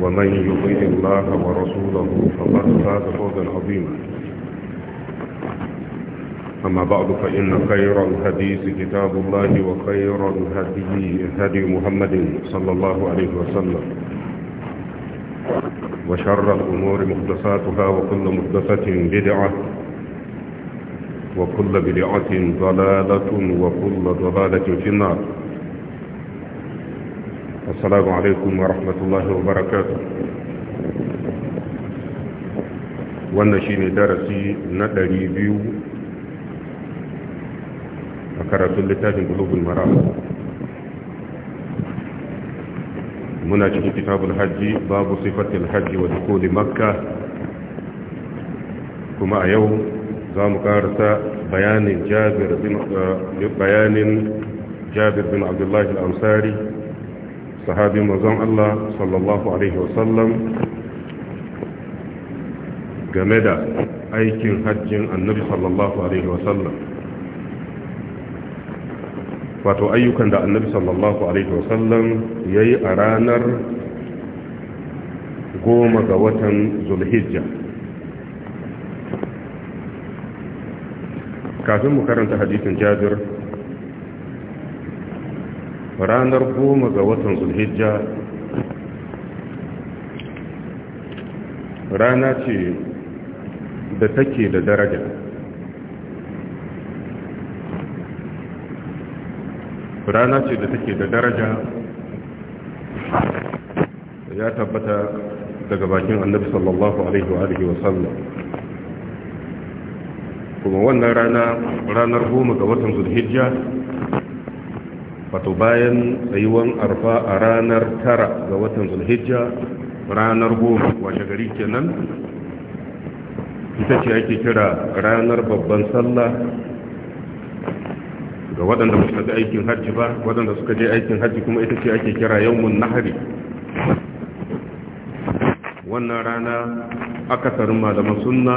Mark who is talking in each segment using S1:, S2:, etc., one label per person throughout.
S1: ومن يطيع الله ورسوله فقد فاز فوزا عظيما أما بعد فإن خير الحديث كتاب الله وخير الهدي هدي محمد صلى الله عليه وسلم وشر الأمور محدثاتها وكل محدثة بدعة وكل بدعة ضلالة وكل ضلالة في النار السلام عليكم ورحمة wannan shi ne darasi na ɗari biyu a karatun littafin gulubun maram muna cikin kitabul hajji babu sifatil hajji wa dukoli makka kuma a yau za mu karasa bayanin jabir bin abdullahi al'amsari sahabi mazan Allah sallallahu alaihi wasallam game da aikin hajjin annabi sallallahu alaihi wasallam wato ayyukan da annabi sallallahu alaihi wasallam ya yi a ranar goma ga watan zulhijja kafin mu karanta hadisin jabir ranar goma ga watan zulhijja rana ce da take da daraja rana ce da take da daraja ya tabbata daga bakin annabi sallallahu alaihi wa alihi wa sallam kuma wannan rana ranar goma ga watan zulhijja wato bayan tsayuwan arfa a ranar tara ga watan zulhijja ranar goma washe gari kenan ita ce ake kira ranar babban sallah ga waɗanda suka su aikin hajji ba waɗanda suka je aikin hajji kuma ita ce ake kira yawon nahari wannan rana aka akasarin malaman sunna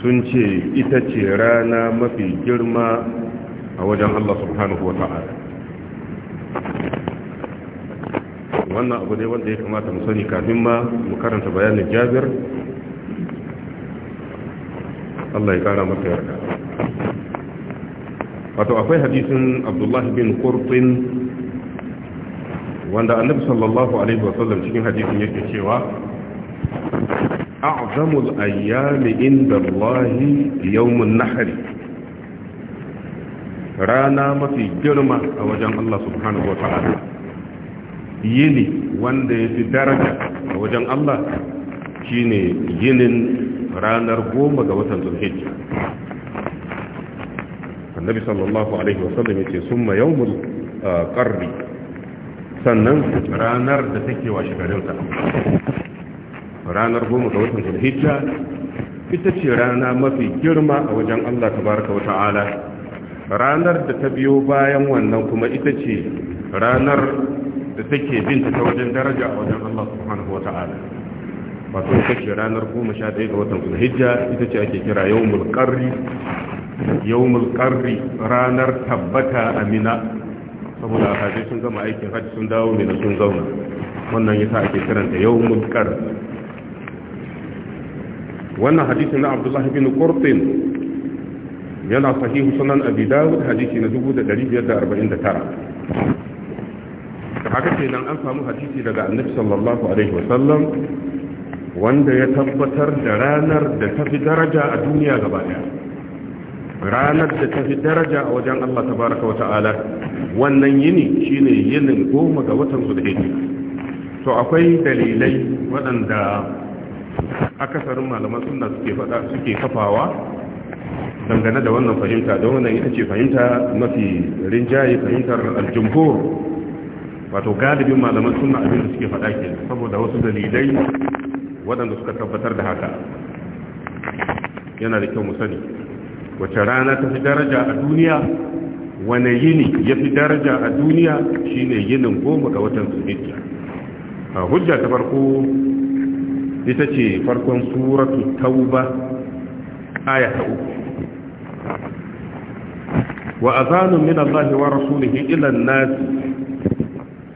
S1: sun ce ita ce rana mafi girma a wajen Allah subhanahu wa ta'ala wannan abu ne wanda ya kamata mu sani kafin ma mu karanta bayanin jabir Allah ya kara masa yarda wato akwai hadisin abdullahi bin kurtin wanda annabi sallallahu alaihi wasallam cikin hadisin yake cewa a'zamul ayyami inda Allah yawmun nahri rana mafi girma a wajen Allah subhanahu wa ta'ala yini wanda ya fi daraja a wajen Allah shine yinin ranar goma ga watan zulhijja annabi sallallahu alaihi wasallam ya ce summa yawmul uh, qarri sannan ranar da take washe garinta ranar goma ga watan zulhijja ita ce rana mafi girma a wajen Allah tabaraka wa ta'ala ranar da ta biyo bayan wannan kuma ita ce ranar da take binta ta wajen daraja a wajen Allah subhanahu wata'ala wato ita ce ranar 11 ga watan Zulhijja ita ce ake kira yawmul qarri yawmul qarri ranar tabbata amina saboda haka sun gama aikin hajji sun dawo ne da sun zauna wannan yasa ake kiranta yawmul qarri wannan hadisin na Abdullahi bin Qurtin yana sahihu sunan abi dawud hadisi na 1549 haka kenan an samu hadisi daga annabi sallallahu alaihi wasallam wanda ya tabbatar da ranar da ta fi daraja a duniya gaba daya ranar da ta fi daraja a wajen Allah tabaraka wa ta'ala wannan yini shine yinin goma ga watan zulhijja to akwai dalilai waɗanda akasarin malaman sunna suke faɗa suke kafawa dangane da wannan fahimta don wannan ita ce fahimta mafi rinjaye fahimtar aljumhur wato galibin malaman sunna abin da suke faɗa ke saboda wasu dalilai waɗanda suka tabbatar da haka yana da kyau mu sani wace rana ta fi daraja a duniya wane yini ya fi daraja a duniya shine yinin goma ga watan zuhijja a hujja ta farko ita ce farkon suratu tauba aya ta uku wa azanun min Allah wa rasulihi ila an-nas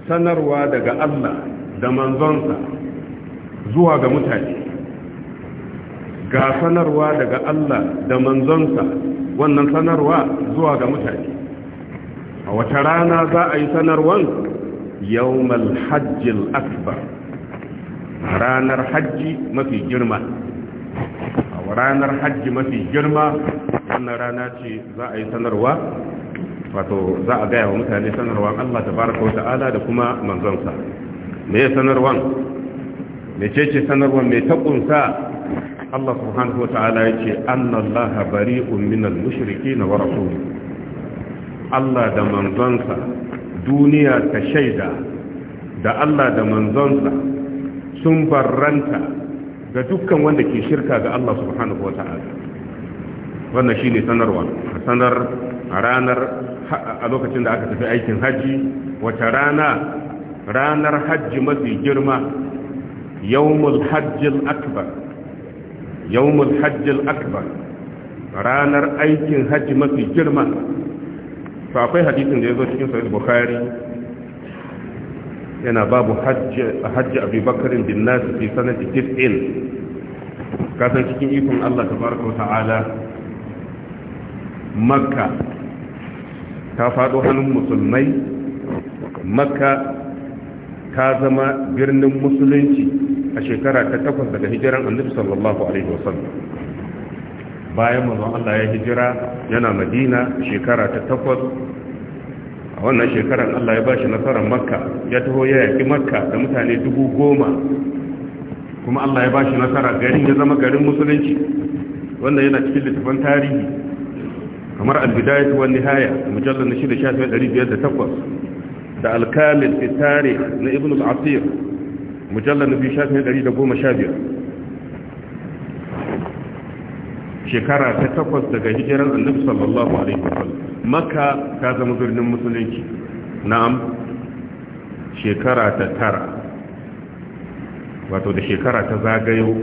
S1: sanarwa daga Allah da manzonsa zuwa ga mutane ga sanarwa daga Allah da manzonsa wannan sanarwa zuwa ga mutane a wata rana za a yi sanarwan yawmal hajjil akbar ranar hajji mafi girma a ranar hajji mafi girma wannan rana ce za a yi sanarwa wato za a gaya wa mutane sanarwan Allah tabaraka wa ta'ala da kuma manzonsa me ya sanarwan me ce ce sanarwan me ta kunsa Allah subhanahu wa ta'ala ce, annallaha bari'un minal na wa rasuluhu Allah da manzonsa duniya ta shaida da Allah da manzonsa sun barranta ga dukkan wanda ke shirka ga Allah subhanahu wa ta'ala wannan shi ne sanarwa a sanar a ranar a lokacin da aka tafi aikin hajji wata rana ranar hajji mafi girma yawmul hajjil akbar yawmul hajjil akbar ranar aikin hajji mafi girma to akwai hadisin da ya zo cikin sahih bukhari yana babu hajji Abubakar bin nasu fi sanadi tis'in kasan cikin ikon Allah tabaraka wa ta'ala makka ta faɗo hannun musulmai makka ta zama birnin musulunci a shekara ta takwas daga hijiran annabi sallallahu alaihi wasallam bayan mazan Allah ya hijira yana madina a shekara ta takwas a wannan shekarar Allah ya bashi nasarar makka ya taho ya yaki makka da mutane dubu goma kuma Allah ya bashi nasara garin ya zama garin musulunci wannan yana cikin littafin tarihi kamar albidayat wa nihaya mujallal na 6,508 da alkamin fitare na ibn al-asir mujallal na 2,515 shekara ta takwas daga hijiran annabi sallallahu alaihi wa sallam makka ta zama birnin musulunci na'am shekara ta tara wato da shekara ta zagayo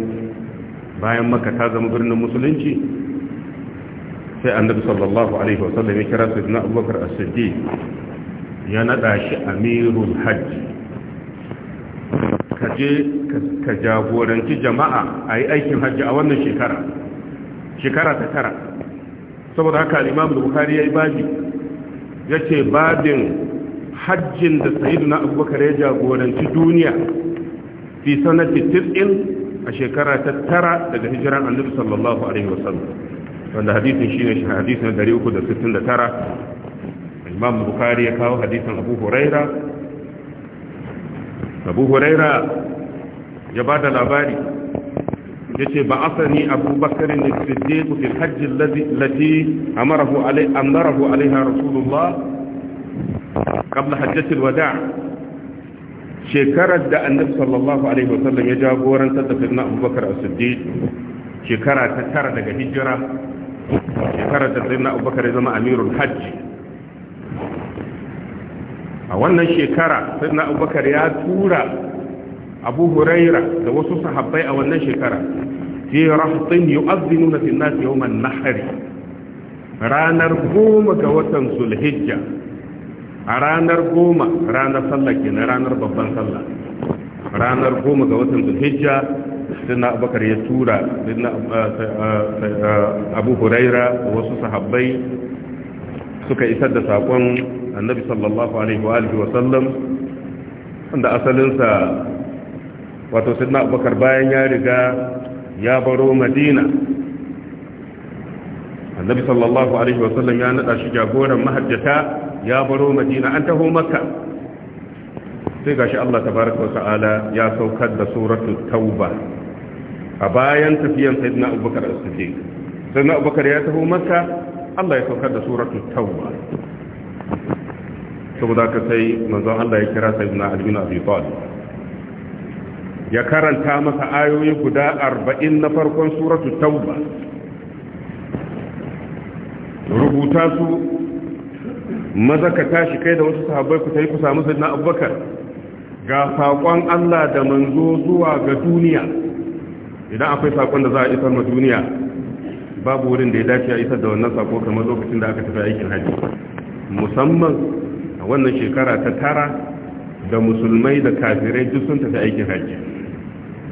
S1: bayan makka ta zama birnin musulunci sai annabi sallallahu alaihi wasallam ya kira sayyidina abubakar as-siddiq ya nada shi amirul hajj kaje ka jagoranci jama'a a yi aikin hajji a wannan shekara shekara ta tara saboda haka imam bukhari ya yi baji, ya ce badin, hajjin da na abubakar ya jagoranci duniya fi sanati tis'in a shekara ta tara daga hijiran annabi sallallahu alaihi wasallam wanda hadisin shi ne hadisin 369 imam bukari ya kawo hadisin abu huraira abu huraira ya ba da labari ya ce ba asani abubakar ne ku fi hajji lati amarahu alai amarahu alaiha rasulullah qabla hajjatil wada' shekarar da annabi sallallahu alaihi wasallam ya jagorantar da firna abubakar a siddiq shekara ta tara daga hijira shekarar da na abubakar ya zama amirul hajji a wannan shekara na abubakar ya tura abu huraira da wasu sahabbai a wannan shekara fi rahtin yu'adhdhinuna fi an-nas yawm an-nahr ranar goma ga watan sulhijja. a ranar goma ranar sallah kenan ranar babban sallah ranar goma ga watan sulhijja. sidna abubakar ya tura sidna eh, eh, eh, abu huraira wasu sahabbai suka isar da saƙon. annabi sallallahu alaihi wa alihi wa sallam wanda asalinsa wato sidna abubakar bayan ya riga ya baro madina annabi sallallahu alaihi wa sallam ya nada shi jagoran mahajjata ya baro madina an taho maka sai gashi Allah tabaraka wa ta'ala ya saukar da suratul tauba a bayan tafiyan sayyidina abubakar as-siddiq sayyidina abubakar ya taho makka Allah ya saukar da suratul tauba saboda ka sai manzon Allah ya kira sayyidina Ali bin Abi Talib ya karanta masa ayoyi guda 40 na farkon suratul tauba rubuta su maza ka tashi kai da wasu sahabbai ku sai ku samu sayyidina Abubakar ga saƙon Allah da manzo zuwa ga duniya idan akwai sakon da za a isar ma duniya babu wurin da ya dace a isar da wannan sako kamar lokacin da aka tafi aikin hajji musamman a wannan shekara ta tara da musulmai da kafirai duk sun tafi aikin hajji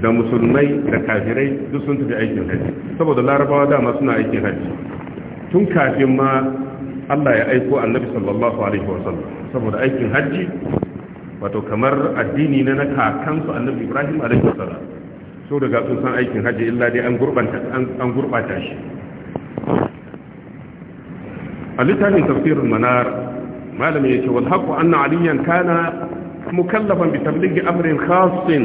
S1: da musulmai da kafirai duk sun tafi aikin hajji saboda larabawa dama suna aikin hajji tun kafin ma Allah ya aiko annabi sallallahu alaihi wa sallam saboda aikin hajji wato kamar addini ne na kakansu annabi Ibrahim alaihi wa sallam su daga sun san aikin hajji illa dai an gurbata shi a littafin tafsirin manar malami ya ce walhaku anna aliyan kana mukallafan bi tabligi amrin khasin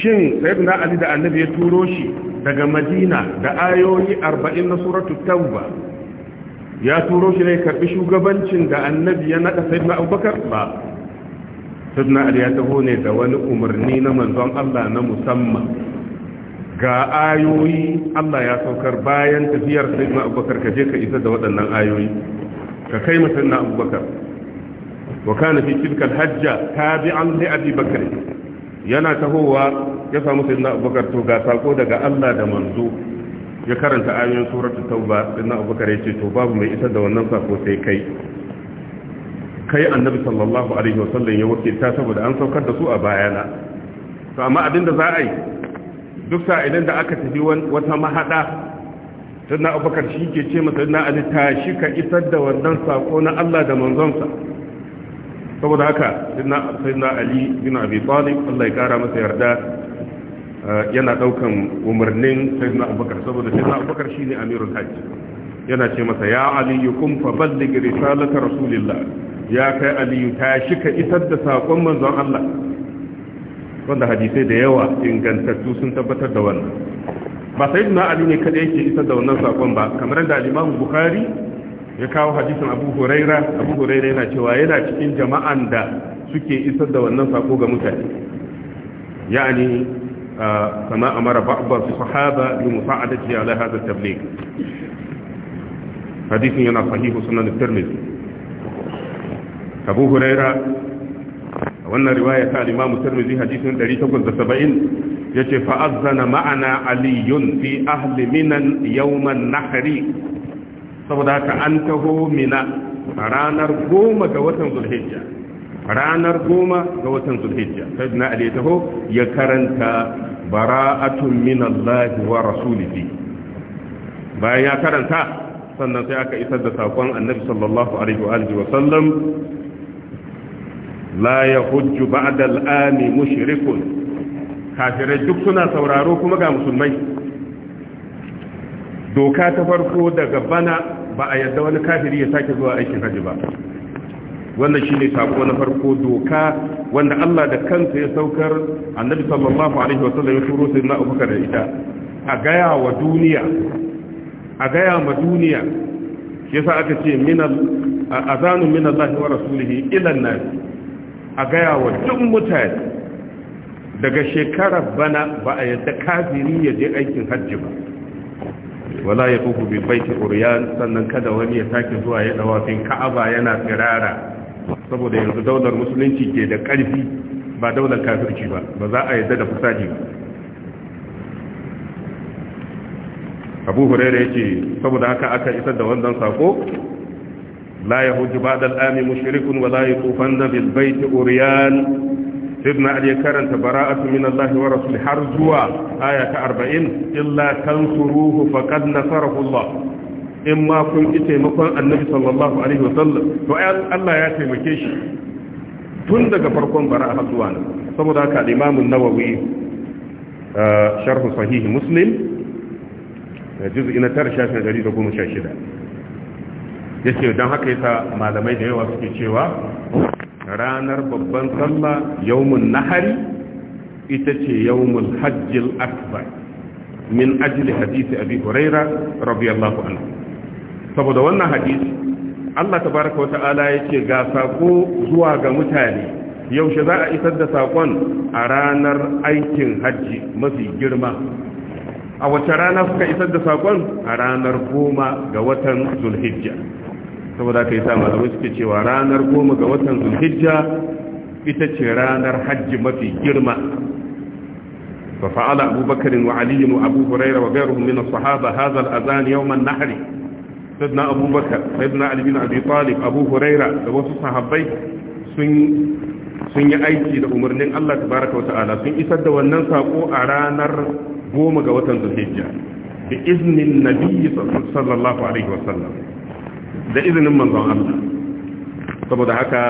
S1: shin na ali da annabi ya turo shi daga madina da ayoyi 40 na suratu tauba ya turo shi ne karbi shugabancin da annabi ya nada sayyidina abubakar ba sayyidina ali ya taho ne da wani umarni na manzon Allah na musamman ga ayoyi Allah ya saukar bayan tafiyar sayyidina abubakar ka je ka isa da waɗannan ayoyi ka kai mutum na abubakar wa kana fi tilka alhajja tabi'an li abi bakr yana tahowa ya samu sayyidina abubakar to ga sako daga Allah da manzo ya karanta ayoyin suratul tauba sayyidina abubakar ya ce to babu mai isa da wannan sako sai kai kai annabi sallallahu alaihi wa wasallam ya wakilta saboda an saukar da su a bayana to amma abin da za a yi duk idan da aka tafi wata mahada sannan abubakar shi ke ce masa na ali tashi ka isar da wannan sako na Allah da manzonsa saboda haka sannan ali bin abi talib Allah ya kara masa yarda eh, yana daukan umarnin sannan abubakar saboda sannan abubakar shi ne amirul hajj yana ce masa ya ali yukum fa balligh risalata rasulillah ya kai aliyu ta ka isar da saƙon manzon Allah wanda hadisai da yawa ingantattu sun tabbatar da wannan ba sai na ali ne kada yake isar da wannan saƙon ba kamar da al-Imam Bukhari ya kawo hadisin Abu Huraira Abu Huraira yana cewa yana cikin jama'an da suke isar da wannan saƙo ga mutane yani kama amara ba'd sahaba bi musa'adati ala hadha tabligh hadisin yana sahihu sunan at-Tirmidhi abu huraira a wannan riwaya ta al-imamu tirmidhi hadisin 870 ya ce, azzana ma'ana aliyun fi ahli minan yawman nahari saboda ka an taho mina ranar goma ga watan zulhijja ranar goma ga watan zulhijja sayyidina ali taho ya karanta bara'atun minallahi wa rasulihi bayan ya karanta sannan sai aka isar da saƙon annabi sallallahu alaihi wa sallam لا ya بعد ba'da مشرك mushrikun kafirai duk suna sauraro kuma ga musulmai doka ta farko daga bana ba a yadda wani kafiri ya sake zuwa aikin haji ba wannan shine sako na farko doka wanda Allah da kansa ya saukar annabi sallallahu alaihi wasallam ya turo sai na Abubakar da ita a gaya wa duniya a gaya ma duniya yasa aka ce min azanu min Allah wa rasulihi ila an-nas a gaya wa duk mutane daga shekarar bana ba a yadda kafiri ya je aikin hajji ba wala ya tuku bi baiti uriyan sannan kada wani ya sake zuwa ya fin ka'aba yana tsirara saboda yanzu daular musulunci ke da ƙarfi ba daular kafirci ba ba za a yadda da fasadi ba abu hurairu ya ce saboda haka aka isar da wannan sako لا يهج بعد الآن مشرك ولا يطوفن بالبيت أريان سيدنا علي كرنت براءة من الله ورسوله حرزوا آية أربعين إلا تنصروه فقد نصره الله إما كنت تيمكن النبي صلى الله عليه وسلم فأل الله يتيمكيش تندق فرقون براءة حرزوان سمدك الإمام النووي شرح صحيح مسلم جزء نتر شاشة جديد وقوم شاشدة ya ce don haka yasa malamai da yawa suke cewa ranar babban sallah yawmun nahari ita ce yawmul hajjil akbar min ajli hadisi abi huraira radiyallahu anhu saboda wannan hadisi Allah tabaraka wa ta'ala yace ga sako zuwa ga mutane yaushe za a isar da sakon a ranar aikin hajji mafi girma a wace rana suka isar da sakon a ranar goma ga watan zulhijja saboda ka yi sa malamai suke cewa ranar goma ga watan zulhijja ita ce ranar hajji mafi girma fa fa'ala abubakar wa ali wa abu huraira wa ghayruhum min as-sahaba hadha al-adhan yawm an-nahr sayyidina abubakar sayyidina ali bin abi talib abu huraira da wasu sahabbai sun sun yi aiki da umarnin Allah tabaraka wa ta'ala sun isar da wannan sako a ranar goma ga watan zulhijja bi iznin nabiyyi sallallahu alaihi wa sallam da izinin manzon Allah saboda haka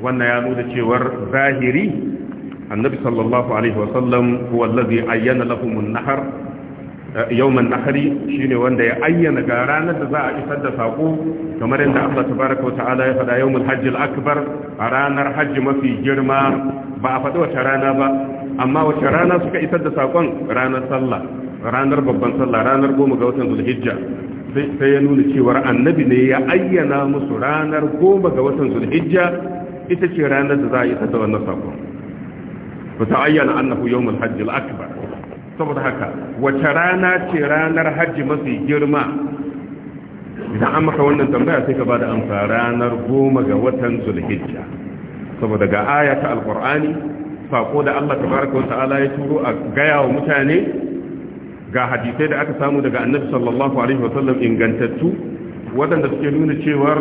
S1: wannan ya nuna cewar zahiri annabi sallallahu alaihi wasallam huwa allazi ayyana lahum an-nahar eh, yawm an-nahri shine wanda ya ayyana ga ranar da za a isar da sako kamar yadda Allah tabaaraka wa ta'ala ya faɗa yawmul hajj al-akbar a ranar hajji mafi girma ba a faɗi wata rana ba amma wata rana suka isar da sakon ranar sallah ranar babban sallah ranar goma ga watan zulhijja sai ya nuna cewar annabi ne ya ayyana musu ranar goma ga watan zulhijja ita ce ranar da za a isa da wannan sakon ba ta ayyana annahu yawmul hajj hajji akbar saboda haka wace rana ce ranar hajji mafi girma idan an maka wannan tambaya sai ka bada amsa ranar goma ga watan zulhijja saboda ga aya ta alqur'ani sako da Allah Ta wa ta'ala ya turo a gaya wa mutane ga hadisai da aka samu daga annabi sallallahu alaihi wasallam ingantattu waɗanda suke nuna cewar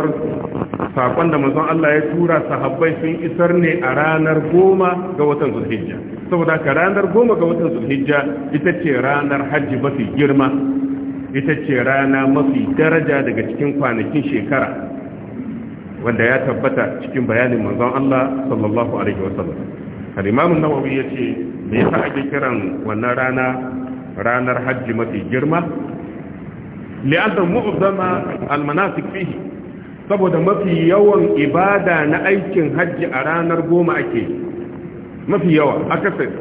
S1: saƙon da manzon Allah ya tura sahabbai sun isar ne a ranar goma ga watan zulhijja saboda ka ranar goma ga watan zulhijja ita ce ranar hajji mafi girma ita ce rana mafi daraja daga cikin kwanakin shekara wanda ya tabbata cikin bayanin manzon Allah sallallahu alaihi wasallam al-imam an-nawawi yace me yasa ake kiran wannan rana ranar hajji mafi girma li'adar mu'azzama almanasik fihi saboda mafi yawan ibada na aikin hajji a ranar goma ake mafi yawa akasari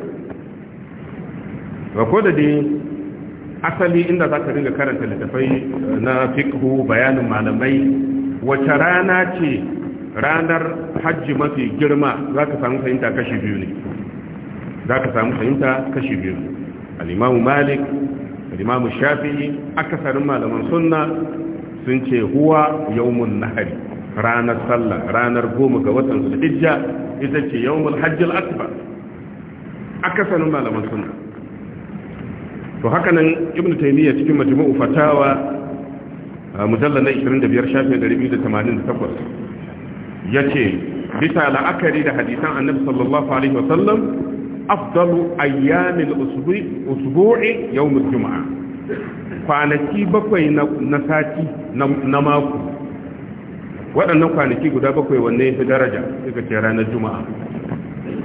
S1: ga ko da dai asali inda za ka ringa karanta littafai eh, na fiqhu bayanin malamai wace rana ce ranar hajji mafi girma za ka samu fahimta kashi biyu ne za ka samu fahimta kashi biyu al'imamu malik al'imamu shafi'i akasarin malaman suna sun ce huwa yawmun nahari ranar sallah ranar goma ga watan zulhijja ita ce yawmun hajjil akbar akasarin malaman suna. to haka nan ibnu taymiya cikin majmu'u fatawa mujallal na 25 shafin ya ce bisa la'akari da hadisan annabi sallallahu alaihi wasallam afdalu ayyamil usbu'i yawmul juma'a kwanaki bakwai na sati na mako waɗannan kwanaki guda bakwai wanne ya fi daraja suka ce ranar juma'a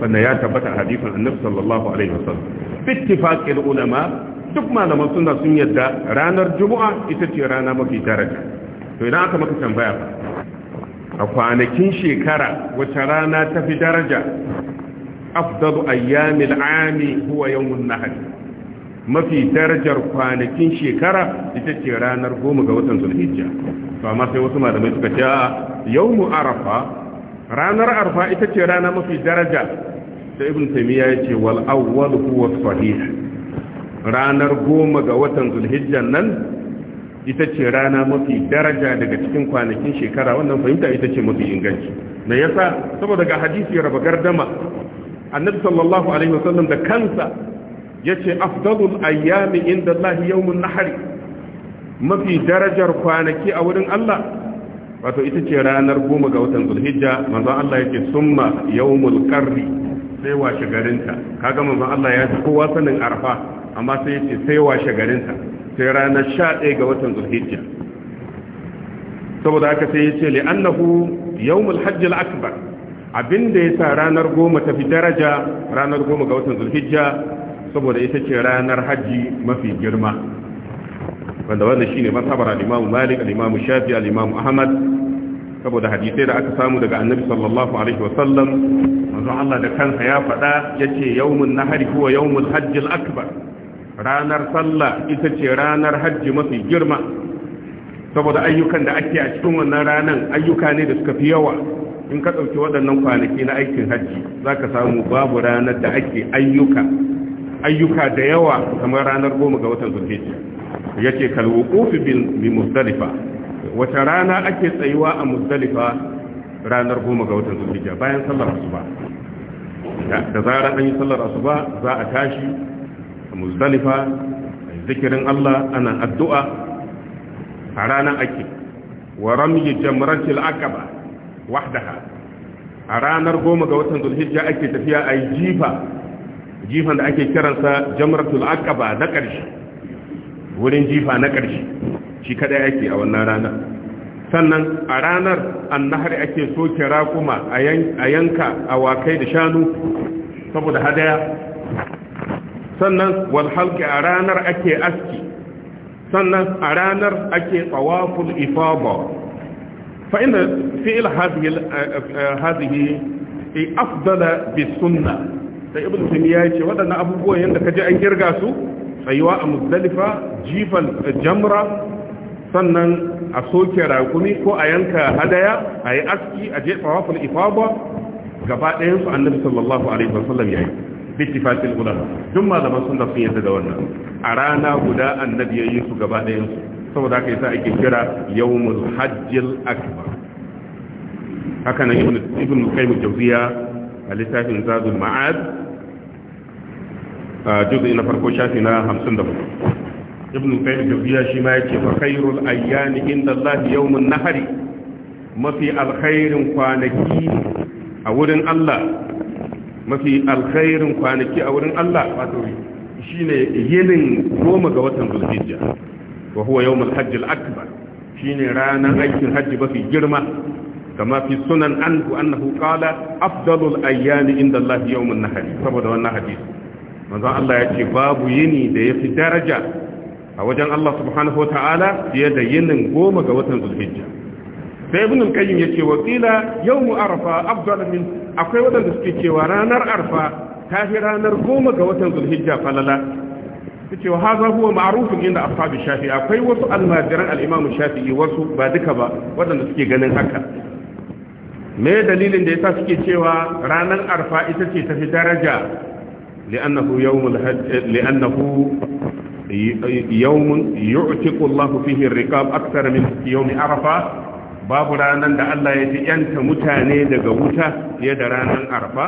S1: wanda ya tabbata hadisin annabi sallallahu alaihi wasallam bittifaqil ulama duk malaman sunna sun yadda ranar juma'a ita ce rana mafi daraja to idan aka maka tambaya a kwanakin shekara wace rana ta fi daraja afdalu ayyamil ami huwa yawmun nahr mafi darajar kwanakin shekara ita ce ranar goma ga watan zulhijja to amma sai wasu malamai suka ce yawmu arafa ranar arafa ita ce rana mafi daraja ibn taymiya ya ce wal awwal huwa sahih ranar goma ga watan zulhijja nan ita ce rana mafi daraja daga cikin kwanakin shekara wannan fahimta ita ce mafi inganci me yasa saboda ga hadisi raba gardama annabi sallallahu alaihi wasallam da kansa yace afdalul ayyami inda Allah yawmun nahari mafi darajar kwanaki a wurin Allah wato ita ce ranar goma ga watan zulhijja manzon Allah yake summa yawmul qarri sai washe garinta kaga manzon Allah ya ce kowa sanin arfa amma sai yace sai washe garinta sai ranar 11 ga watan zulhijja saboda haka sai yace li annahu yawmul hajj al akbar abin da ya sa ranar goma ta fi daraja ranar goma ga watan zulhijja saboda ita ce ranar hajji mafi girma wanda wanda shi ne masabar alimamu malik alimamu shafi alimamu ahmad saboda hadisai da aka samu daga annabi sallallahu alaihi wasallam manzo Allah da kansa ya faɗa ya ce yawmun nahari huwa yawmul hajjil akbar ranar sallah ita ce ranar hajji mafi girma saboda ayyukan da ake a cikin wannan ranar ayyuka ne da suka fi yawa in ka ɗauki waɗannan kwanaki na aikin hajji za ka samu babu ranar da ake ayyuka ayyuka da yawa kamar ranar goma ga watan zulhijji ya ce kalwukufi bi musdalifa wata rana ake tsayuwa a musdalifa ranar goma ga watan zulhijji bayan sallar asuba da zarar an yi sallar asuba za a tashi a musdalifa a yi zikirin allah ana addu'a a ranar ake wa ramyi jamratil akaba wahdaha a ranar goma ga watan zulhijja ake tafiya a yi jifa jifan da ake kiransa jamratul aqaba na ƙarshe wurin jifa na ƙarshe shi kadai ake a wannan ranar sannan a ranar annahar ake soke raƙuma a yanka awakai da shanu saboda hadaya sannan walhalki a ranar ake aski sannan a ranar ake tsawaful ifaba فإن فعل هذه هذه أفضل بالسنة da ibn taymiya yace waɗannan abubuwan yanda kaje an kirga su tsayuwa a muzdalifa jifal jamra sannan a soke raƙumi ko a yanka hadaya a yi aski a je tawaful ifada gaba ɗayan annabi sallallahu alaihi wasallam yayi bittifaqil ulama duk malaman sunna sun yadda da wannan a rana guda annabi su saboda haka yasa ake kira yawmul hajjil akbar haka nan ibn ibn qayyim jawziya a littafin zadul ma'ad juz'i na farko shafi na hamsin da 54 ibn qayyim jawziya shi ma yace fa khairul ayyami inda Allah yawmun nahari mafi alkhairin kwanaki a wurin Allah mafi alkhairin kwanaki a wurin Allah wato shine yinin goma ga watan zulhijja wa huwa yawmul hajj al-akbar shine ranan aikin hajji mafi girma kama fi sunan anhu annahu qala afdalul ayyami inda Allah yawmun nahr saboda wannan hadisi manzon Allah yace babu yini da yafi daraja a wajen Allah subhanahu wataala fiye da yinin goma ga watan zulhijja sai ibn al-qayyim yace wa qila yawmu arfa afdal min akwai wadanda suke cewa ranar arfa ta fi ranar goma ga watan zulhijja falala ce wa haza huwa ma'rufun inda ashabi shafi akwai wasu almajiran al-imam shafi'i wasu ba duka ba waɗanda suke ganin haka me dalilin da yasa suke cewa ranar arfa ita ce tafi daraja li'annahu yawmul hajj eh, li'annahu yawmun yu'tiqu Allah fihi ar-riqab akthar min yawmi arfa babu ranar da Allah ya ji yanta mutane daga wuta fiye da ranar arfa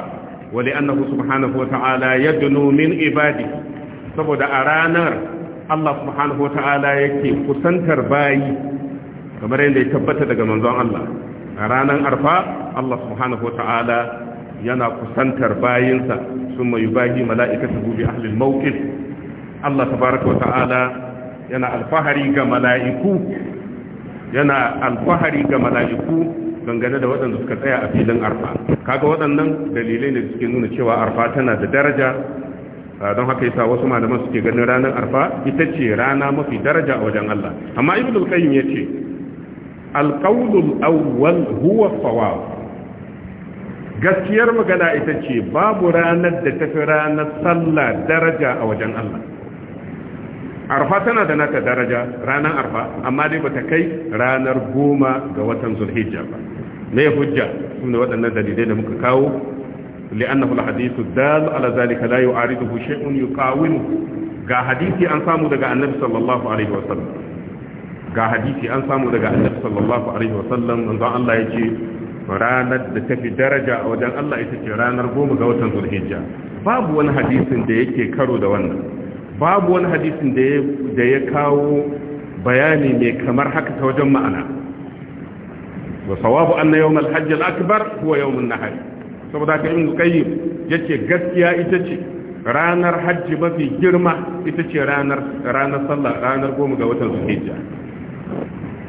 S1: wa li'annahu subhanahu wa ta'ala yadnu min ibadihi saboda a ranar Allah subhanahu wa ta'ala yake kusantar bayi kamar yadda ya tabbata daga manzon Allah a ranar arfa Allah subhanahu wa ta'ala yana kusantar bayinsa sun mai bayi mala'ikata bi ahlil mawqif Allah tabaraka wa ta'ala yana alfahari ga mala'iku yana alfahari ga mala'iku dangane da waɗanda suka tsaya a filin arfa kaga waɗannan dalilai ne suke nuna cewa arfa tana da daraja Ah, don haka yasa wasu malaman suke ganin ranar arfa ita ce rana mafi daraja a wajen Allah amma ibn al-qayyim yace al awwal huwa sawab gaskiyar magana ita ce babu ranar da tafi ranar sallah daraja a wajen Allah arfa tana da nata daraja ranar arfa amma dai bata kai ranar goma ga watan zulhijja ba me hujja sun da waɗannan dalilai da muka kawo li'annahu al-hadith dal ala zalika la yu'ariduhu shay'un yuqawinu ga hadisi an samu daga annabi sallallahu alaihi wasallam ga hadisi an samu daga annabi sallallahu alaihi wasallam manzo Allah yace ranar da tafi daraja a wajen Allah ita ce ranar goma ga watan Zulhijja babu wani hadisin da yake karo da wannan babu wani hadisin da ya kawo bayani mai kamar haka ta wajen ma'ana wa sawabu anna yawmal akbar ko yawmun nahar saboda ka ibn qayyim yace gaskiya ita ce ranar hajji mafi girma ita ce ranar ranar sallah ranar goma ga watan zulhijja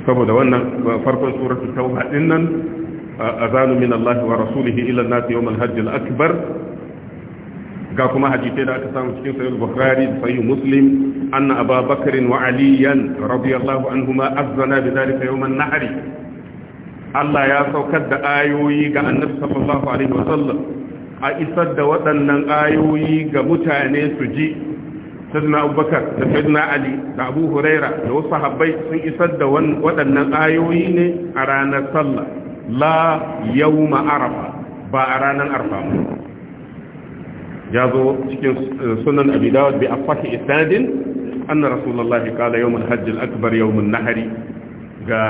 S1: saboda wannan farkon suratu tauba din nan azanu min Allah wa rasulih ila an-nas yawm al-hajj al-akbar ga kuma hadisi da aka samu cikin sahih bukhari da sahih muslim anna abubakar wa aliyan radiyallahu anhuma azzana bi dhalika yawm an-nahr Allah ya saukar da ayoyi ga annabi sallallahu alaihi wasallam a isar da waɗannan ayoyi ga mutane su ji sayyidina Abubakar da sayyidina Ali da Abu Huraira da wasu sahabbai sun isar da waɗannan ayoyi ne a ranar sallah la yawma arafa ba a ranar arafa ba ya zo cikin eh, sunan abi dawud bi afahi isnadin anna rasulullahi qala yawm al-hajj al-akbar yawm an-nahr ga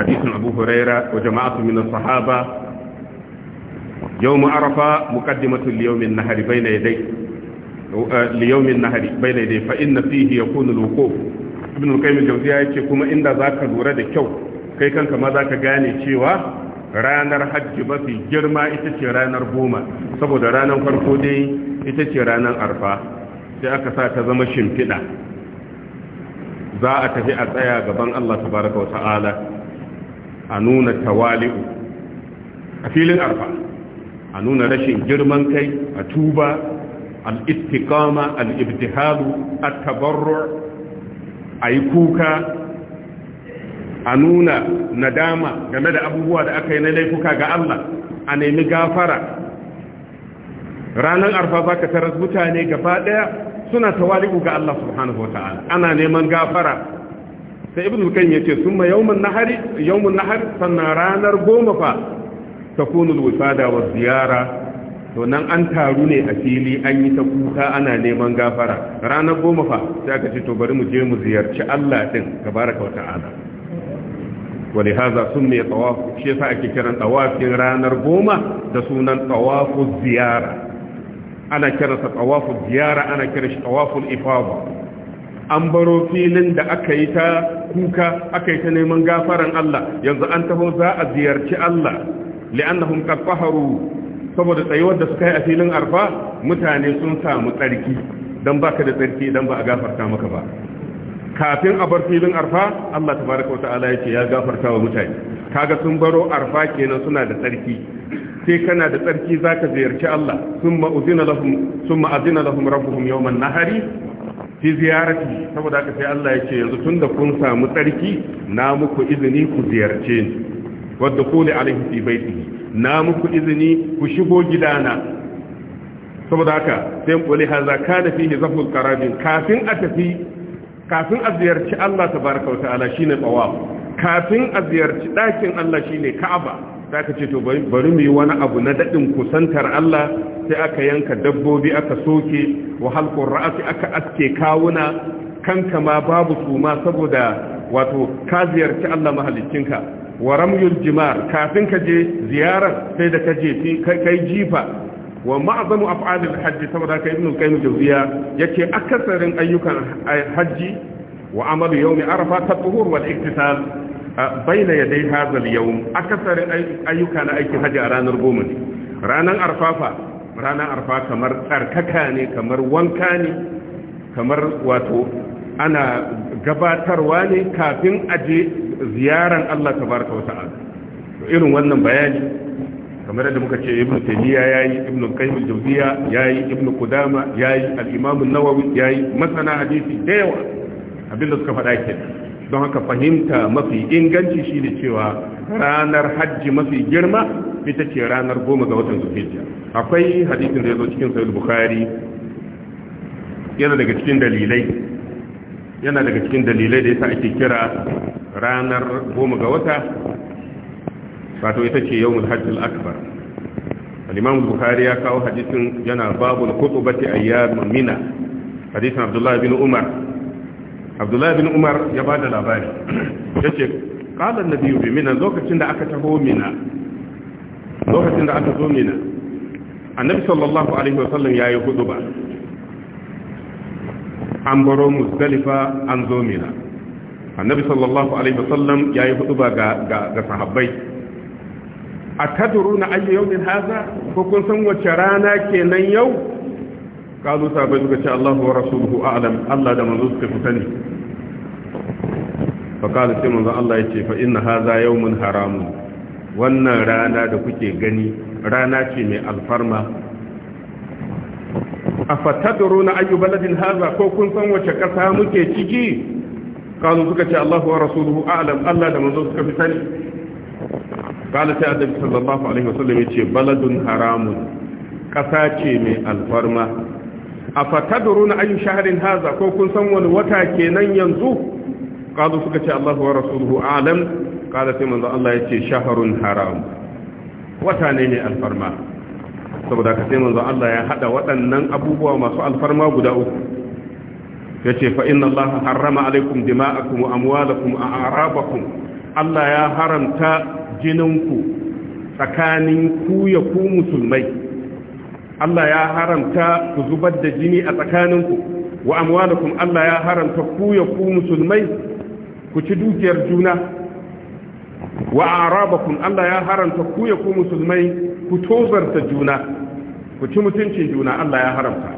S1: hadisin abu huraira wa jama'atu min sahaba yawm arafa muqaddimatu liyawmin nahari bayna yaday liyawmin nahari bayna yaday fa inna fihi yakunu alwuquf ibn al-qayyim al-jawziya yace kuma inda zaka lura da kyau kai kanka ma ka gane cewa ranar hajji mafi girma ita ce ranar goma saboda ranar farko dai ita ce ranar arfa sai aka sa ta zama shimfiɗa za a tafi a tsaya gaban Allah tabaraka wa ta'ala a nuna tawali'u a filin arfa a nuna rashin girman kai a tuba al'ittikama al'ibtihalu a tabarru a kuka a nuna nadama game da abubuwa da aka yi na laifuka ga Allah a nemi gafara ranar arfa za ka taras mutane gaba ɗaya suna tawali'u ga Allah subhanahu wa ana neman gafara sai ibn kan ya ce sun ma yawon nahari nahar sannan ranar goma fa ta kunu wisada wa ziyara to nan an taru ne a fili an yi ta kuka ana neman gafara ranar goma fa sai aka ce to bari mu je mu ziyarci Allah din baraka wa ta'ala wa li hadha sunni tawaf shi yasa ake kiran tawafin ranar goma da sunan tawafu ziyara ana kiransa tawafu ziyara ana kiransa tawafu ifada an baro filin da aka yi ta kuka aka yi ta neman gafaran Allah yanzu an taho za a ziyarci Allah li'annahum qad qaharu saboda tsayuwar da suka yi a filin arfa mutane sun samu tsarki dan baka da tsarki idan ba a gafarta maka ba kafin a bar filin arfa Allah tabaraka wata'ala ce ya gafarta wa mutane kaga sun baro arfa kenan suna da tsarki sai kana da tsarki zaka ziyarci Allah summa uzina lahum summa azina lahum rabbuhum yawman nahari fi ziyarati saboda haka sai Allah ya ce yanzu tunda kun samu tsarki na muku izini ku ziyarce ni wadda kuli alaihi fi baiti na muku izini ku shigo gidana saboda haka sai kuli haza kana fihi zaful qarabin kafin a tafi kafin a ziyarci Allah tabaraka wa ta'ala shine tawaf kafin a ziyarci dakin Allah shine Ka'aba zaka ce to bari mu yi wani abu na dadin kusantar Allah sai aka yanka dabbobi aka soke wa halqur aka aske kawuna kanka ma babu suma saboda wato ka ziyarci Allah mahalicinka wa ramyul jimar kafin ka je ziyarar sai da ka je kai jifa wa ma'azamu af'alil hajji saboda ka ibnu qayyim jawziya yace akasarin ayyukan hajji wa amalu yawmi arafa tatuhur wal iktisal baina yaday hadha al yawm akasarin ayyuka na aikin hajji a ranar goma ne ranar arfafa ranar arfa kamar tsarkaka ne kamar wanka ne kamar wato ana gabatarwa ne kafin aje ziyaran Allah tabaraka wa ta'ala irin wannan bayani kamar yadda muka ce ibnu taymiya yayi ibnu qayyim al-jawziya yayi ibnu qudama yayi al-imam an-nawawi yayi masana hadisi da abin abinda suka faɗa kenan don haka fahimta mafi inganci shi ne cewa ranar hajji mafi girma ita ce ranar goma ga watan zulhijja akwai hadisin da ya zo cikin Sayyid bukhari yana daga cikin dalilai yana daga cikin dalilai da yasa ake kira ranar goma ga wata wato ita ce yawmul hajjil akbar al-imam bukhari ya kawo hadisin yana babul khutbati ayyam mina hadisin Abdullahi bin umar abdullahi bin umar ya ba da labari ya ce ƙalar na biyu bimina lokacin da aka taho mina lokacin da aka zo mina annabi sallallahu alaihi wasallam ya yi hudu ba an baro musdalifa an zo mina annabi sallallahu alaihi wasallam ya yi hudu ba ga sahabbai a kaduru na ayyu yau min haza ko kun san wace rana kenan yau kalu sahabbai suka ce allahu wa rasuluhu a'lam allah da manzo suka fi sani faƙalu sai manzo Allah ya ce fa inna haza yawmun haramun wannan rana da kuke gani rana ce mai alfarma afatadruna ayu baladin haza ko kun san wace ƙasa muke ciki kalu suka ce Allahu wa rasuluhu a'lam Allah da manzo suka fi sani kala sai annabi sallallahu alaihi wasallam ya ce baladun haramun ƙasa ce mai alfarma afatadruna ayu shahrin haza ko kun san wani wata kenan yanzu qalu suka ce Allahu wa rasuluhu a'lam qala sai manzo Allah yace shahrun haram wata ne mai alfarma saboda ka sai manzo Allah ya hada waɗannan abubuwa masu alfarma guda uku yace fa inna Allah harrama alaikum dima'akum wa amwalakum wa a'rabakum Allah ya haramta jininku tsakanin ku ya ku musulmai Allah ya haramta ku zubar da jini a tsakaninku wa amwalakum Allah ya haramta ku ya ku musulmai ku ci dukiyar juna wa arabakum Allah ya haramta ku ya ku musulmai ku tozarta juna ku ci mutuncin juna Allah ya haramta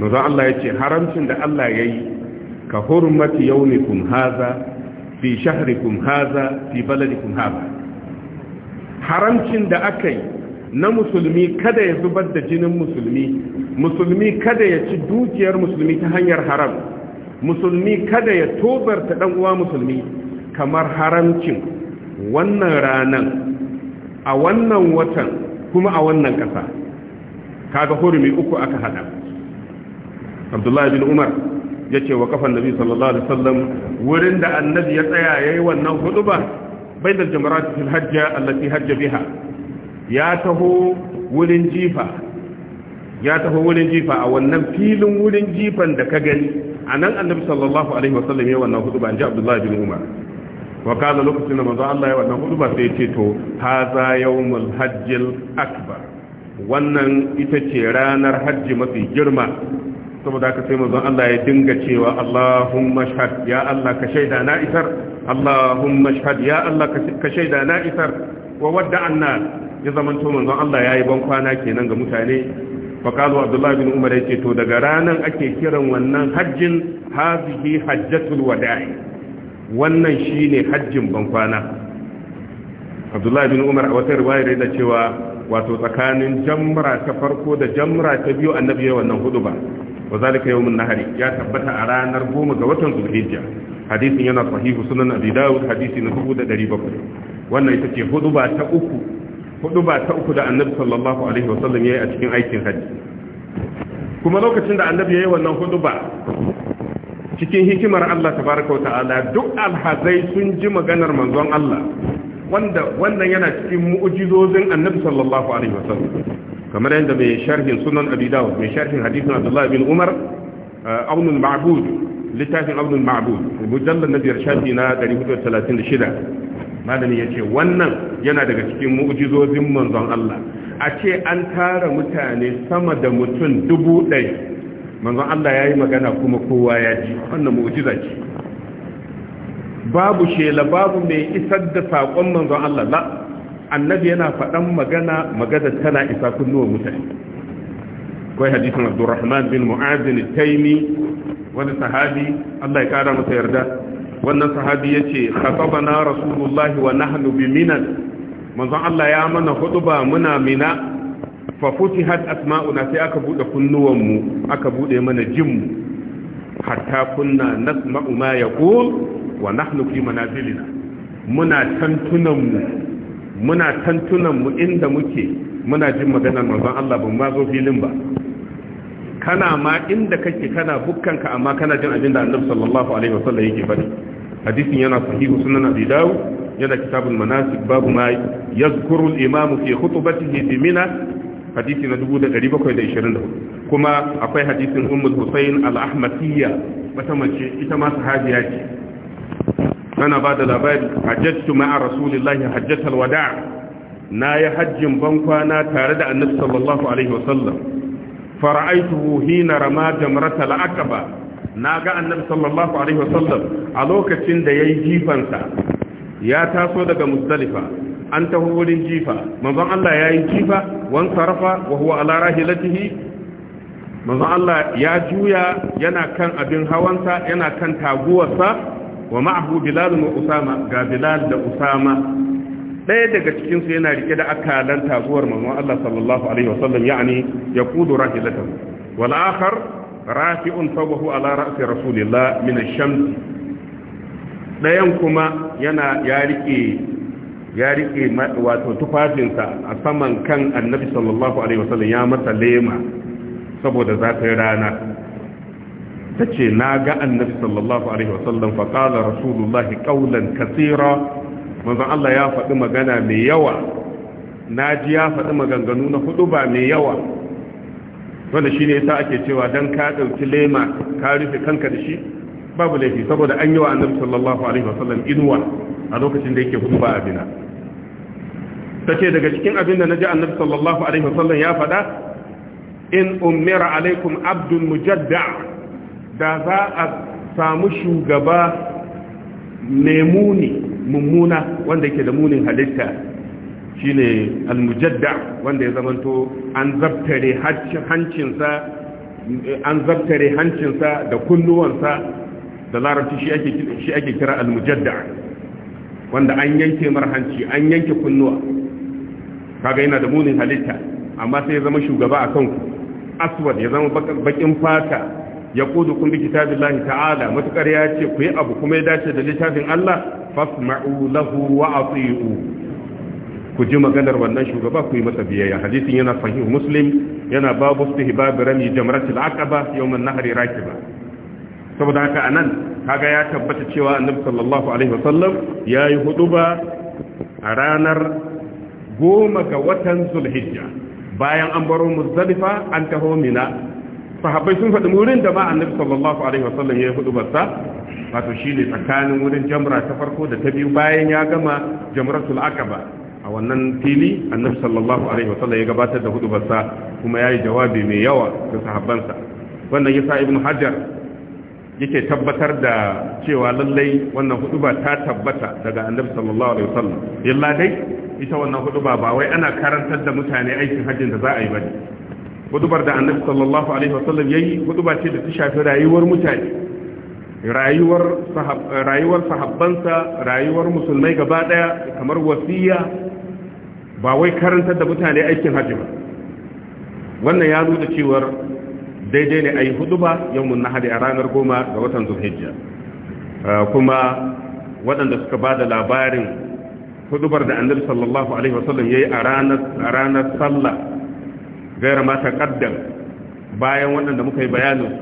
S1: manzo Allah yace haramcin da Allah yayi ka hurmati yawmikum hadha fi shahrikum hadha fi baladikum hadha haramcin da akai na musulmi kada ya zubar da jinin musulmi musulmi kada ya ci dukiyar musulmi ta hanyar haram musulmi kada ya tobarta dan uwa musulmi kamar haramcin wannan ranan a wannan watan kuma a wannan kasa kaga hurumi uku aka hada Abdullahi bin Umar yace wa kafan Nabi sallallahu alaihi wasallam wurin da annabi ya tsaya yayi wannan ba, bai da fil hajja allati hajja biha ya taho wurin jifa ya taho wurin jifa a wannan filin wurin jifan da ka gani a nan annabi sallallahu alaihi wasallam ya wannan hudu ba in ji abdullahi bin umar wa kaza lokacin da manzo Allah ya wannan hudu ba sai ce to haza yawmul hajjil akbar wannan ita ce ranar hajji mafi girma saboda haka sai manzo Allah ya dinga cewa Allahumma shahad ya Allah ka shaida na isar Allahumma shahad ya Allah ka shaida na isar wa wadda annas ya zamanto manzo Allah yayi ban kwana kenan ga mutane faqalu abdullahi bin umar ce to daga ranan ake kiran wannan hajjin hazihi hajjatul wada'i wannan shine hajjin bankwana abdullahi bin umar a wata riwaya da cewa wato tsakanin jamra ta farko da jamra ta biyu annabi ya wannan hudu wa zalika yawmun nahari ya tabbata a ranar goma ga watan zulhijja hadisin yana sahihu sunan abi dawud hadisi na 1700 wannan ita ce hudu ta uku hudu ba ta uku da annabi sallallahu alaihi wa wasallam yayi a cikin aikin hajji kuma lokacin da annabi yayi wannan hudu ba cikin hikimar Allah tabaraka wa ta'ala duk alhazai sun ji maganar manzon Allah wanda wannan yana cikin mu'jizozin annabi sallallahu alaihi wa sallam. kamar yadda mai sharhin sunan abi dawud mai sharhin hadithin abdullah bin umar aun uh, al-ma'bud littafin aun al-ma'bud mujallal na biyar shafi na 436 malami ya ce wannan yana daga cikin mu'jizozin manzon Allah a ce an tara mutane sama da mutum dubu ɗai manzon Allah ya yi magana kuma kowa ya ji wannan mu'jiza ce babu shela babu mai isar da saƙon manzon Allah la annabi yana faɗan magana magana tana isa kunnuwa mutane kawai hadisin abdurrahman bin mu'azin taimi wani sahabi Allah ya kara masa yarda wannan sahabi yace na rasulullahi wa nahnu bi minan manzon Allah ya mana huduba muna mina fa futihat asma'una sai aka bude kunnuwan mu aka bude mana jinmu. mu hatta kunna nasma'u ma yaqul wa nahnu fi manazilina muna tantunan mu muna tantunan mu inda muke muna jin maganar manzon Allah ban ma zo filin ba kana ma inda kake kana bukkanka amma kana jin abin da annabi sallallahu alaihi wasallam yake faɗi hadisin yana sahihu sunan abi dawud yana kitabul manasik babu ma yazkuru al-imam fi khutbatihi bi mina hadisi na 1724 kuma akwai hadisin ummul husayn al-ahmadiyya wata mace ita ma sahabiya ce tana ba da labari hajjatu ma'a rasulillahi hajjatal wada' na yi hajjin ban kwana tare da annabi sallallahu alaihi wasallam fara'aituhu hina rama jamratal aqaba na ga annabi sallallahu alaihi wasallam a lokacin da ya yi jifansa ya taso daga musdalifa an taho wurin jifa manzon Allah ya yi jifa wan sarafa wa huwa ala rahilatihi manzon Allah ya juya yana kan abin hawansa yana kan taguwarsa wa ma'ahu bilal wa usama ga bilal da usama ɗaya daga cikinsu yana rike da akalan taguwar manzon Allah sallallahu alaihi wasallam ya'ani yaqudu rahilatahu wal akhar rafi'un sabahu ala ra'si rasulillah min ash-shams dayan kuma yana ya rike ya rike wato tufafinsa a saman kan annabi sallallahu alaihi wasallam ya masa lema saboda zafin rana tace na ga annabi sallallahu alaihi wasallam fa qala rasulullah qawlan Allah ya faɗi magana mai yawa naji ya faɗi maganganu na hudu ba mai yawa wanda shi ne yasa ake cewa dan ka ɗauki lema ka rufe kanka da shi babu laifi saboda an yi wa annabi sallallahu alaihi wasallam inuwa a lokacin da yake hutuba a bina tace daga cikin abin da naji annabi sallallahu alaihi wasallam ya faɗa in ummira alaikum abdul mujadda da za a samu shugaba mai muni mummuna wanda yake da munin halitta shine almujadda wanda ya zamanto an zabtare hancinsa da kunnuwansa da larabci shi ake kira almujadda wanda an yanke marhanci an yanke kunnuwa kaga yana da munin halitta amma sai ya zama shugaba a kanku aswad ya zama bakin fata ya kudu kun bi kitabillahi ta'ala matukar ya ce ku yi abu kuma ya dace da littafin Allah fasma'u lahu wa ati'u ku ji maganar wannan shugaba ku yi masa biyayya hadisin yana sahih muslim yana babu istihbab rami jamratil aqaba yawman nahri rakiba saboda haka anan kaga ya tabbata cewa annabi sallallahu alaihi wasallam yayi huduba a ranar goma ga watan zulhijja bayan an baro muzdalifa an taho mina sahabbai sun faɗi wurin da ma annabi sallallahu alaihi ya yi hudu wato shine tsakanin wurin jamra ta farko da ta biyu bayan ya gama jamratul aqaba a wannan fili annabi sallallahu alaihi wa sallam ya gabatar da hudubarsa kuma yayi jawabi mai yawa ga sahabbansa wannan yasa ibnu hajar yake tabbatar da cewa lallai wannan huduba ta tabbata daga annabi sallallahu alaihi wa sallam. illa dai ita wannan huduba ba wai ana karantar da mutane aikin hajjin da za a yi ba hudubar da annabi sallallahu alaihi wa sallam yayi huduba ce da ta shafi rayuwar mutane rayuwar rayuwar sahabbansa rayuwar musulmai gaba daya kamar wasiya ba wai karantar da mutane aikin hajji ba wannan ya nuna cewar daidai ne a yi hudu ba yawon nahari a ranar goma ga watan zuhijja uh, kuma waɗanda suka ba da labarin hudubar da annabi sallallahu alaihi wasallam ya yi a ranar sallah gaira ma ta bayan waɗanda muka yi bayanin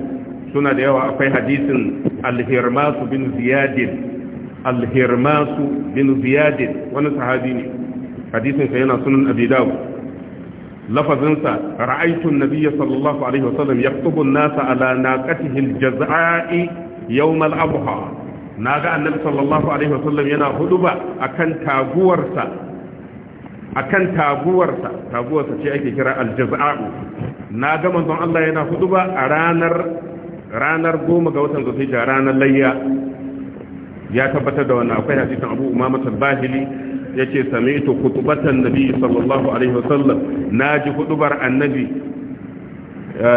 S1: suna da yawa akwai hadisin alhirmasu bin ziyadin alhirmasu bin ziyadin wani sahabi ne hadisin yana sunan abi dawud lafazin sa ra'aytu an-nabiyya sallallahu alaihi wasallam yaktubu an-nasa ala naqatihi al jaza'i yawm al-abha naga annabi sallallahu alaihi wa sallam yana huduba akan taguwarsa akan taguwarsa taguwarsa ce ake kira al-jazaa'u naga manzon Allah yana huduba a ranar ranar goma ga watan zulhijja ranar layya ya tabbatar da wannan akwai hadisin Abu Umama al-Bahili yace sami'tu khutbatan nabi sallallahu alaihi wasallam naji khutbar annabi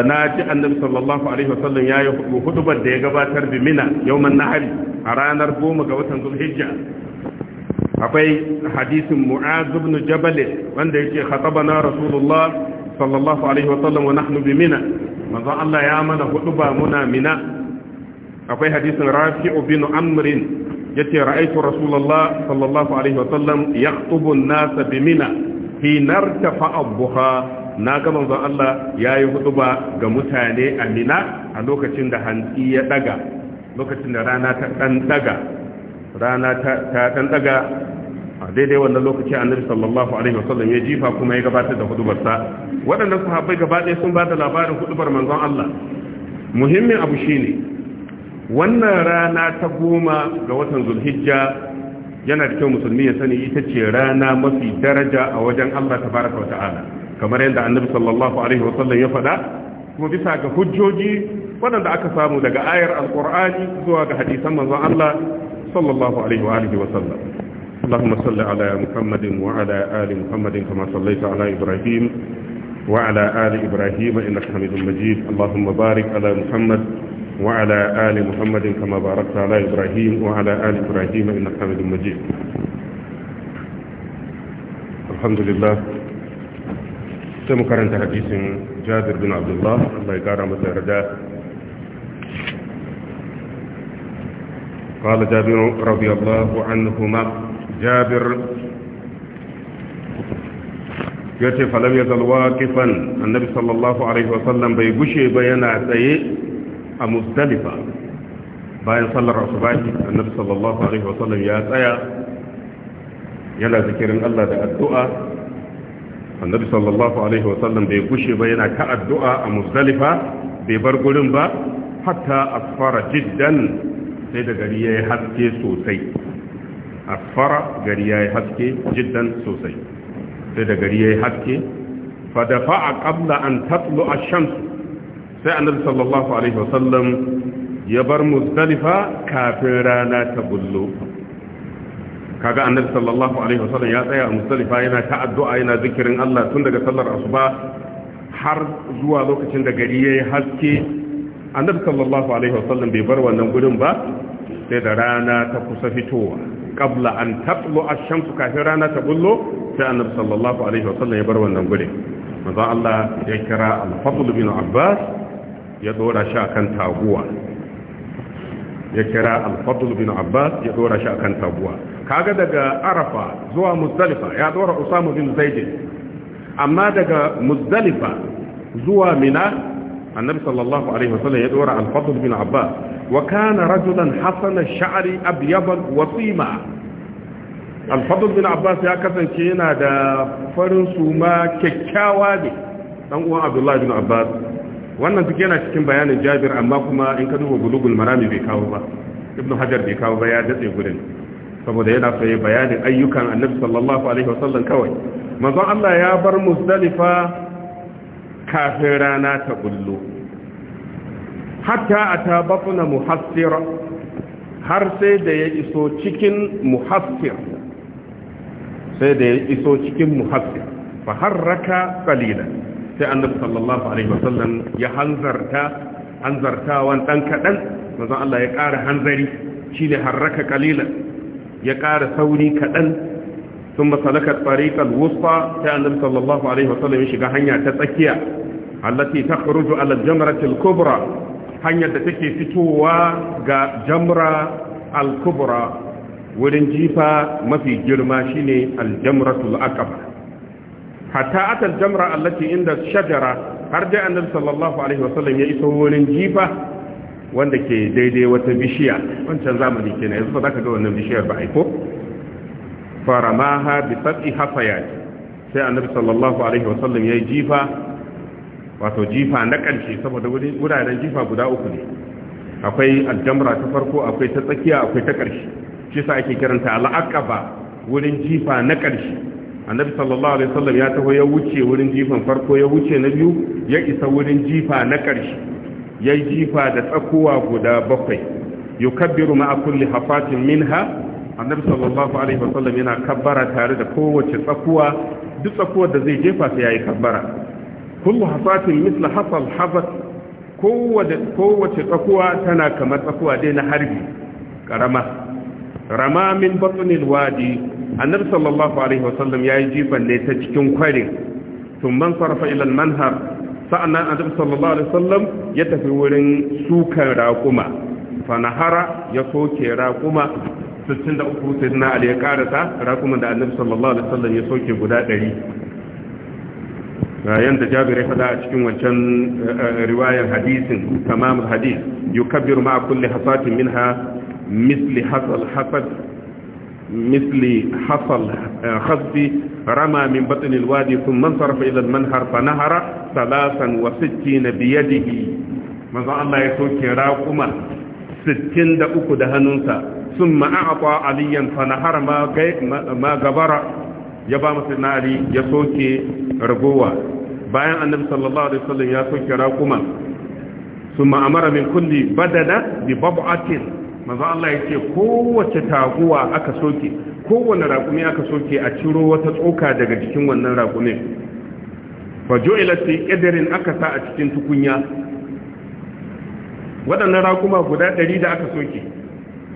S1: naji annabi sallallahu alaihi wasallam yi khutbar da ya gabatar bi mina yau yawman nahr a ranar goma ga watan zulhijja akwai hadisin mu'az ibn jabal wanda yake khatabana rasulullah sallallahu alaihi wasallam wa nahnu bi mina manzo Allah ya mana khutba muna mina akwai hadisin rafi'u bin amrin yace ra'aytu rasulullah sallallahu alaihi wa sallam yakhutubu an-nas bi mina fi nartafa abha na ga manzon Allah yayi hutuba ga mutane a mina a lokacin da hantsi ya daga lokacin da rana ta dan daga rana ta dan daga a daidai wannan lokaci annabi sallallahu alaihi wasallam ya jifa kuma ya gabatar da hudubarsa waɗannan sahabbai gaba ɗaya sun ba da labarin hudubar manzon Allah muhimmin abu shine wannan rana ta goma ga watan zulhijja yana da kyau musulmi ya sani ita ce rana mafi daraja a wajen Allah tabaraka wa ta'ala kamar yadda annabi sallallahu alaihi wa ya faɗa kuma bisa ga hujjoji waɗanda aka samu daga ayar alqur'ani zuwa ga hadisan manzon Allah sallallahu alaihi wa alihi wa sallam اللهم صل على محمد وعلى آل محمد كما صليت على إبراهيم وعلى آل إبراهيم إنك حميد مجيد اللهم بارك على محمد وعلى آل محمد كما باركت على إبراهيم وعلى آل إبراهيم إنك حمد مجيد الحمد لله تم كرنت حديث جابر بن عبد الله الله يكرم الدرجة قال جابر رضي الله عنهما جابر يتي فلم يزل واقفا النبي صلى الله عليه وسلم بيغشي بينا سيئ a musdalifa bayan sallar asubahi annabi sallallahu alaihi wasallam ya tsaya yana zikirin Allah da addu'a annabi sallallahu alaihi wasallam bai gushe ba yana ta addu'a a musdalifa bai bar gurin ba hatta asfara jiddan sai da gari ya yi haske sosai asfara gari ya haske jiddan sosai sai da gari ya haske fadafa a ƙabla an tatlo a shamsu sai annabi sallallahu alaihi wasallam ya bar muzdalifa kafin rana ta bullo kaga annabi sallallahu alaihi wasallam ya tsaya a muzdalifa yana ta addu'a yana zikirin Allah tun daga sallar asuba har zuwa lokacin da gari yayi haske annabi sallallahu alaihi wasallam bai bar wannan gudun ba sai da rana ta kusa fitowa qabla an tatlu ash-shamsu kafin rana ta bullo sai annabi sallallahu alaihi wasallam ya bar wannan gudun. manzo Allah ya kira al-fadl bin Abbas ya dora shi akan taguwa ya kira al-fadl bin abbas ya dora shi akan taguwa kaga daga arafa zuwa muzdalifa ya dora usama bin zaid amma daga muzdalifa zuwa mina annabi sallallahu alaihi wasallam ya dora al-fadl bin abbas wa kana rajulan hasana sha'ri abyaban wasima al-fadl bin abbas ya kasance yana da farin suma kyakkyawa ne dan uwan abdullahi bin abbas wannan duk yana cikin bayanin jabir amma kuma in ka duba bulugul marami bai kawo ba ibn hajar bai kawo ba ya datse gudun saboda yana so bayanin ayyukan annabi sallallahu alaihi wasallam kawai manzon Allah ya bar muzdalifa kafin rana ta bullo hatta a batna muhassira har sai da ya iso cikin muhassir sai da ya iso cikin muhassir fa harraka qalilan sai annabi sallallahu alaihi wasallam ya hanzarta hanzartawan dan kadan manzon Allah ya ƙara hanzari shine haraka qalilan ya ƙara sauri kaɗan ثم سلك الطريق الوسطى كان النبي صلى الله عليه وسلم يشيغا hanya ta tsakiya allati takhruju ala al-jamrah al-kubra hanya da take fitowa ga jamra alkubra wurin jifa mafi girma shine al-jamratul aqaba hatta atal jamra allati inda shajara har dai annabi sallallahu alaihi wasallam ya iso wurin jifa wanda ke daidai wata bishiya wancan zamani kenan yanzu ba za ka ga wannan bishiyar ba aiko faramaha bi sab'i hafayat sai annabi sallallahu alaihi wasallam ya jifa wato jifa na ƙarshe saboda wuraren jifa guda uku ne akwai aljamra ta farko akwai ta tsakiya akwai ta ƙarshe shi sa ake kiranta al'aqaba wurin jifa na ƙarshe annabi sallallahu alaihi wasallam ya taho ya wuce wurin jifan farko ya wuce na biyu ya isa wurin jifa na ƙarshe ya yi jifa da tsakowa guda bakwai yukabbiru ma'a kulli hafatin minha annabi sallallahu alaihi wasallam yana kabbara tare da kowace tsakuwa duk tsakuwar da zai jefa sai yi kabbara kullu hafatin misla hasal habat kowace kowace tsakuwa tana kamar tsakuwa dai na harbi ƙarama rama min batnil wadi annabi sallallahu alaihi wasallam yi jifan ne ta cikin kwarin tumman sarfa ila al-manhar sa'annan annabi sallallahu alaihi wasallam ya tafi wurin sukan raƙuma fanahara ya soke raƙuma 63 sai na ali ya karasa raƙuma da annabi sallallahu alaihi wasallam ya soke guda 100 rayan da jabir ya faɗa a cikin wancan eh, eh, riwayar hadisin tamamul hadis yukabbiru ma kulli hasatin minha misli hasal hasad مثل حصل خصبي رمى من بطن الوادي ثم انصرف إلى المنهر فنهر ثلاثا وستين بيده ماذا الله يسوكي راقما ستين دقوك دهنونسا ثم أعطى عليا فنهر ما, ما غبر يبا مثلنا علي يسوكي رقوة بايا النبي صلى الله عليه وسلم يسوكي راقما ثم أمر من كل بدنة ببضعة manzo Allah ya ce kowace taguwa aka soke kowane raƙumi aka soke a ciro wata tsoka daga jikin wannan raƙumin fa ju'ilat qadarin aka sa a cikin tukunya waɗannan raƙuma guda 100 da aka soke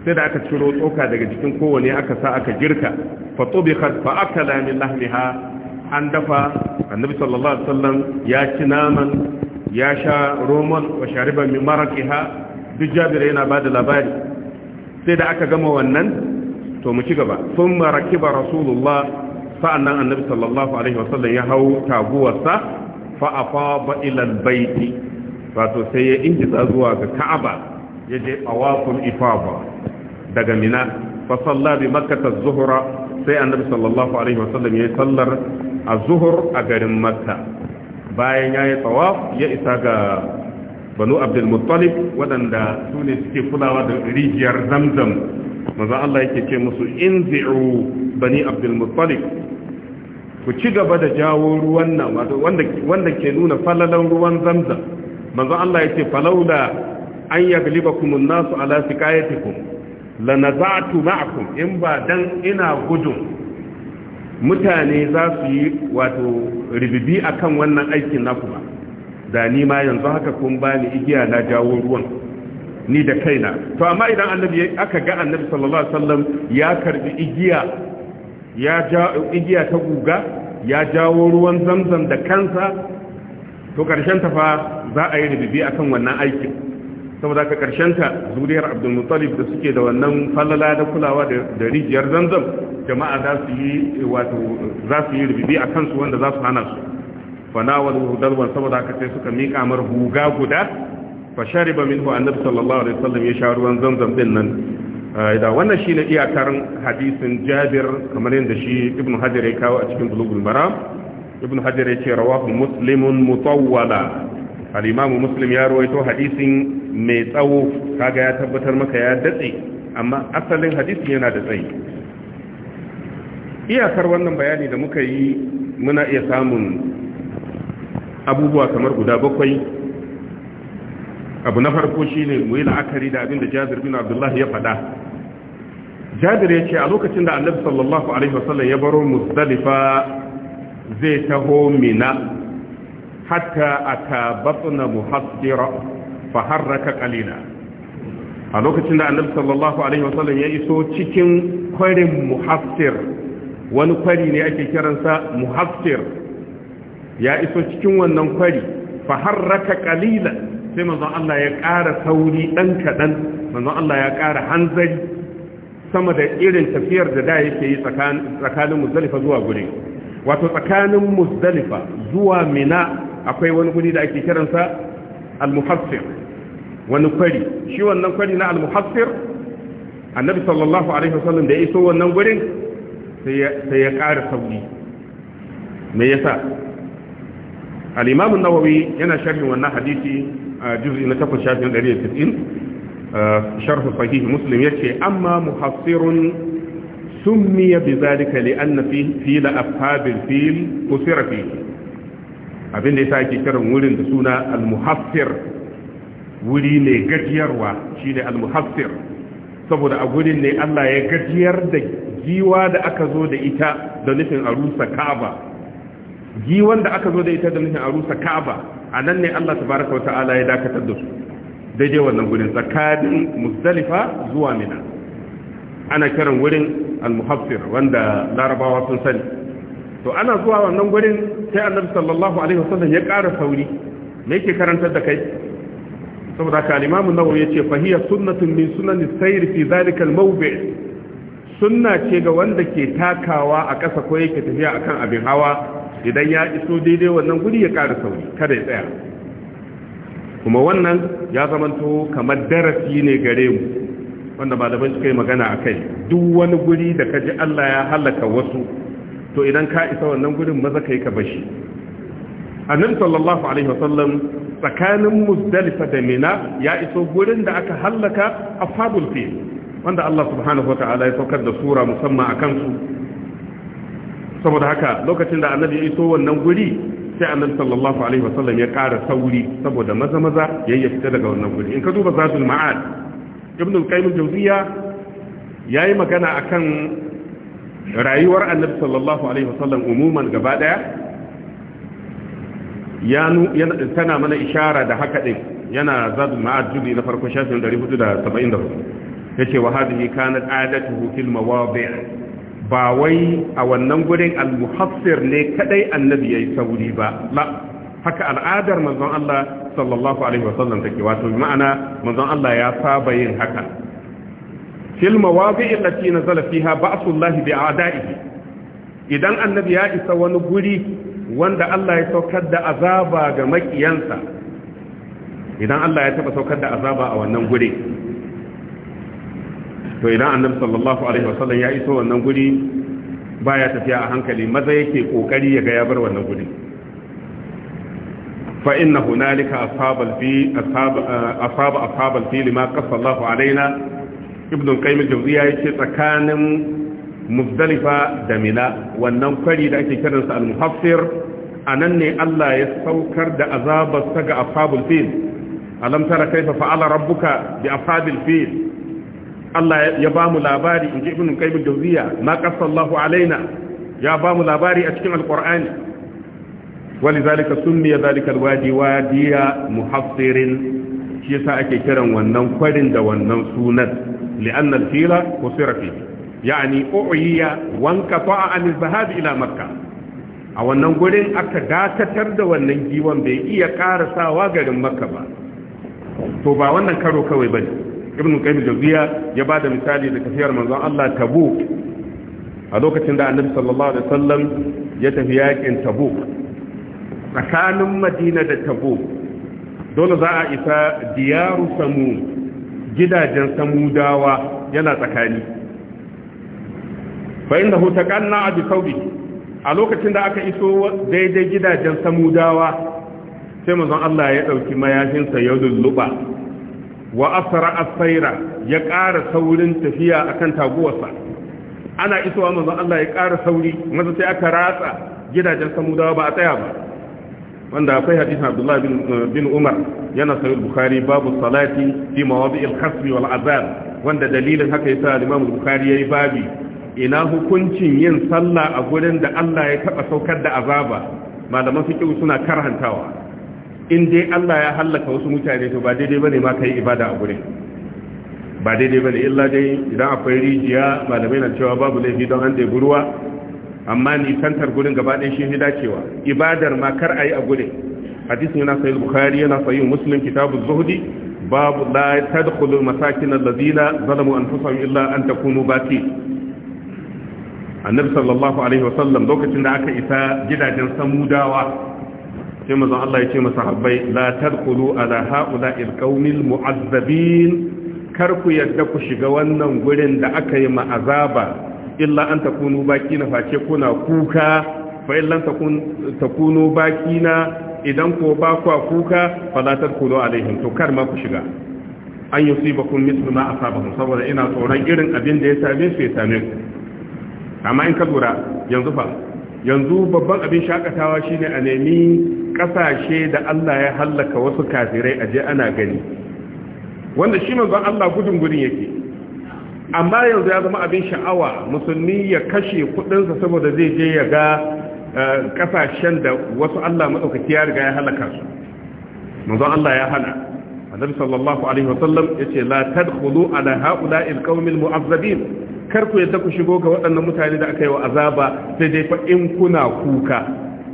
S1: sai da aka ciro tsoka daga jikin kowane aka sa aka girka fa tubikhat fa akala min lahmiha an dafa annabi sallallahu alaihi wasallam ya ci naman ya sha roman wa shariba min maraqiha duk jabira yana bada labari sai da aka gama wannan to mu ci gaba sun marakiba rasulullah sa'annan annabi sallallahu alaihi wasallam ya hau taguwarsa fa'afa ba ilal baiti wato sai ya ingiza zuwa ga ka'aba ya je awaful ifaba daga mina fa salla bi makkata sai annabi sallallahu alaihi wasallam ya sallar az a garin makka bayan yayi tawaf ya isa ga banu abdul muttalib wadanda su ne suke kulawa da rijiyar zamzam maza Allah yake ce musu inzi'u bani abdul muttalib ku ci gaba da jawo ruwan nan wanda ke nuna falalan ruwan zamzam maza Allah yake falaula an yaglibakum an-nasu ala siqayatikum lanaza'tu ma'akum in ba dan ina gudun mutane za su yi wato ribibi akan wannan aikin naku ba da ni ma yanzu haka kun bani igiya na jawo ruwan ni da kaina to amma idan annabi aka ga annabi sallallahu alaihi wasallam ya karbi igiya ya ja igiya ta guga ya jawo ruwan zamzam da kansa to karshen ta fa za a yi rubibi akan wannan aikin saboda ka karshen ta zuriyar Abdul Muttalib da suke da wannan falala da kulawa da rijiyar zamzam jama'a za su yi wato za su yi akan su wanda za su hana su fanawalu dalwan saboda aka ce suka mika mar huga guda fa shariba minhu annabi sallallahu alaihi wasallam ya sha ruwan zamzam din nan da wannan shine iyakar hadisin Jabir kamar yadda shi Ibn Hajar ya kawo a cikin Bulughul Maram Ibn Hajar ya ce rawahu Muslimun mutawwala al-Imam Muslim ya rawaito hadisin mai tsawo kaga ya tabbatar maka ya datse amma asalin hadisin yana da tsayi iyakar wannan bayani da muka yi muna iya samun abubuwa kamar guda bakwai abu na farko shine mu yi la'akari da abin da jabir bin abdullahi ya faɗa jabir ya ce a lokacin da annabi sallallahu alaihi wasallam ya baro muzdalifa zai taho mina hatta aka batsuna muhassira fa harraka kalina a lokacin da annabi sallallahu alaihi wasallam ya iso cikin kwarin muhassir wani kwari ne ake kiransa muhassir ya iso cikin wannan kwari fa harraka qalilan sai manzon Allah ya ƙara sauri dan kadan manzon Allah ya ƙara hanzari sama da irin tafiyar da da yake yi tsakanin Muzdalifa zuwa gure wato tsakanin Muzdalifa zuwa Mina akwai wani guri da ake kiransa al-muhassir wani kwari shi wannan kwari na al-muhassir annabi sallallahu alaihi wasallam da ya iso wannan gurin sai ya ƙara sauri me yasa Alimamu imam nawawi yana sharhin wannan hadisi a juz'i na 8 shafin 190 sharh sahih ya yace amma muhassirun summiya bidhalika li'anna fi la'afabil fil usira fihi abin da sa ake kiran wurin da suna al-muhassir wuri ne gajiyarwa shine al-muhassir saboda a gurin ne Allah ya gajiyar da giwa da aka zo da ita da nufin a rusa Ka'aba ji wanda aka zo da ita da nufin a rusa ka'aba a nan ne Allah tabaraka wa ta'ala ya dakatar da su daidai wannan gudun tsakanin muzdalifa zuwa mina ana kiran wurin al-muhaffir wanda larabawa sun sani to ana zuwa wannan gudun sai annabi sallallahu alaihi wasallam ya ƙara sauri me yake karantar da kai saboda ka al-imam an-nawawi yace fa hiya sunnatun min sunan sayr fi zalika al-mawdi' sunna ce ga wanda ke takawa a ƙasa ko yake tafiya akan abin hawa idan ya iso daidai wannan guri ya ƙara sauri kada ya tsaya kuma wannan ya zamanto kamar darasi ne gare mu wanda malaman suka yi magana a kai duk wani guri da ka ji Allah ya halaka wasu to idan ka isa wannan gurin maza kai ka bashi annabi sallallahu alaihi wasallam tsakanin muzdalifa da mina ya iso gurin da aka halaka ashabul fil wanda Allah subhanahu wataala ya saukar da sura musamman akan su saboda haka lokacin da annabi ya iso wannan guri sai annabi sallallahu alaihi wasallam ya ƙara sauri saboda maza maza yayi fita daga wannan guri in ka duba zatul ma'ad ibn al-qayyim al-jawziya yayi magana akan rayuwar annabi sallallahu alaihi wasallam umuman gaba daya ya tana mana ishara da haka din yana zatul ma'ad jubi na farko shafin 474 yace wa hadhihi kanat adatuhu fil mawadi' ba wai a wannan gurin al-muhassir ne kadai annabi yayi sauri ba la haka al'adar manzon Allah sallallahu alaihi wasallam take wato ma'ana manzon Allah ya saba yin haka fil mawadi'i allati nazala fiha a bi'ada'ihi idan annabi ya isa wani guri wanda Allah ya saukar da azaba ga makiyansa idan Allah ya taba saukar da azaba a wannan guri to idan annabi sallallahu alaihi wasallam ya iso wannan guri baya tafiya a hankali maza yake kokari ya ga ya bar wannan guri fa inna hunalika ashabal fi ashab eh, ashab ashabal fi lima qassa Allahu alaina ibn qayyim al yace tsakanin muzdalifa da mina wannan kwari da ake kiransa al-muhaffir anan ne Allah ya saukar da azabar sa ga ashabul fil alam tara kaifa fa'ala rabbuka bi ashabil fil Allah ya ba mu labari in ji ibn qayyim jawziya ma qasallahu alaina ya ba mu labari a cikin alqur'ani walizalika summiya zalika alwadi wadiya muhassirin shi yasa ake kiran wannan kwarin da wannan sunan li'anna alfila kusira fi yani u'iya wanka fa'a an zahab ila makka a wannan gurin aka dakatar da wannan giwan bai iya karasawa garin makka ba to ba wannan karo kawai bane ibn qayyim jawziya ya bada misali da tafiyar manzon Allah tabuk a lokacin da annabi sallallahu alaihi wasallam ya tafi yakin tabuk tsakanin madina da tabuk dole za a isa diyaru samu gidajen samudawa yana tsakani fa inda hutakanna abi saudi a lokacin da aka iso daidai gidajen samudawa sai manzon Allah ya dauki mayafinsa ya lulluba wa asara asaira ya ƙara saurin tafiya akan taguwarsa ana isowa manzon Allah ya ƙara sauri maza sai aka ratsa gidajen samudawa ba a tsaya ba
S2: wanda akwai hadisin Abdullah eh, bin Umar yana sahih bukari babu salati fi mawadi'il hasbi wal azab wanda
S1: dalilin haka yasa bukari ya yayi babi ina hukuncin yin sallah a gurin da Allah ya taɓa saukar da azaba malaman fiqh suna karhantawa in dai Allah ya hallaka wasu mutane to ba daidai bane ma kai ibada a gurin ba daidai bane illa dai idan akwai rijiya malamai na cewa babu laifi don an dai ruwa amma ni santar gurin gaba ɗaya shi dacewa ibadar ma kar a yi a gurin hadisin yana sahih bukhari yana sahih muslim kitabuz Zuhudi babu la tadkhulu masakin alladhina zalamu anfusahum illa an takunu Baki annabi sallallahu alaihi wa sallam lokacin da aka isa gidajen samudawa sai mazan Allah ya ce masa habbai la tadkhulu ala haula alqaumil mu'azzabin kar ku yadda ku shiga wannan gurin da aka yi ma azaba illa an takunu bakina face kuna kuka fa illan takunu bakina idan ko ba ku kuka fa la tadkhulu alaihim to kar ma ku shiga an yusibakum mithlu ma asabahum saboda ina tsoron irin abin da ya same su ya same ku amma in ka lura yanzu fa yanzu babban abin shakatawa shine a nemi kasashe da Allah ya hallaka wasu kafirai a je ana gani wanda shi manzon Allah gudun gudun yake amma yanzu ya zama abin sha'awa musulmi ya kashe kuɗinsa saboda zai je ya ga kasashen eh, da wasu Allah madaukaki ya riga ya halaka su manzon Allah ya hana annabi sallallahu alaihi wasallam yace la tadkhulu ala ha'ula'il qaumil mu'azzabin kar ku yadda ku shigo ga waɗannan mutane da aka yi wa azaba sai dai fa in kuna kuka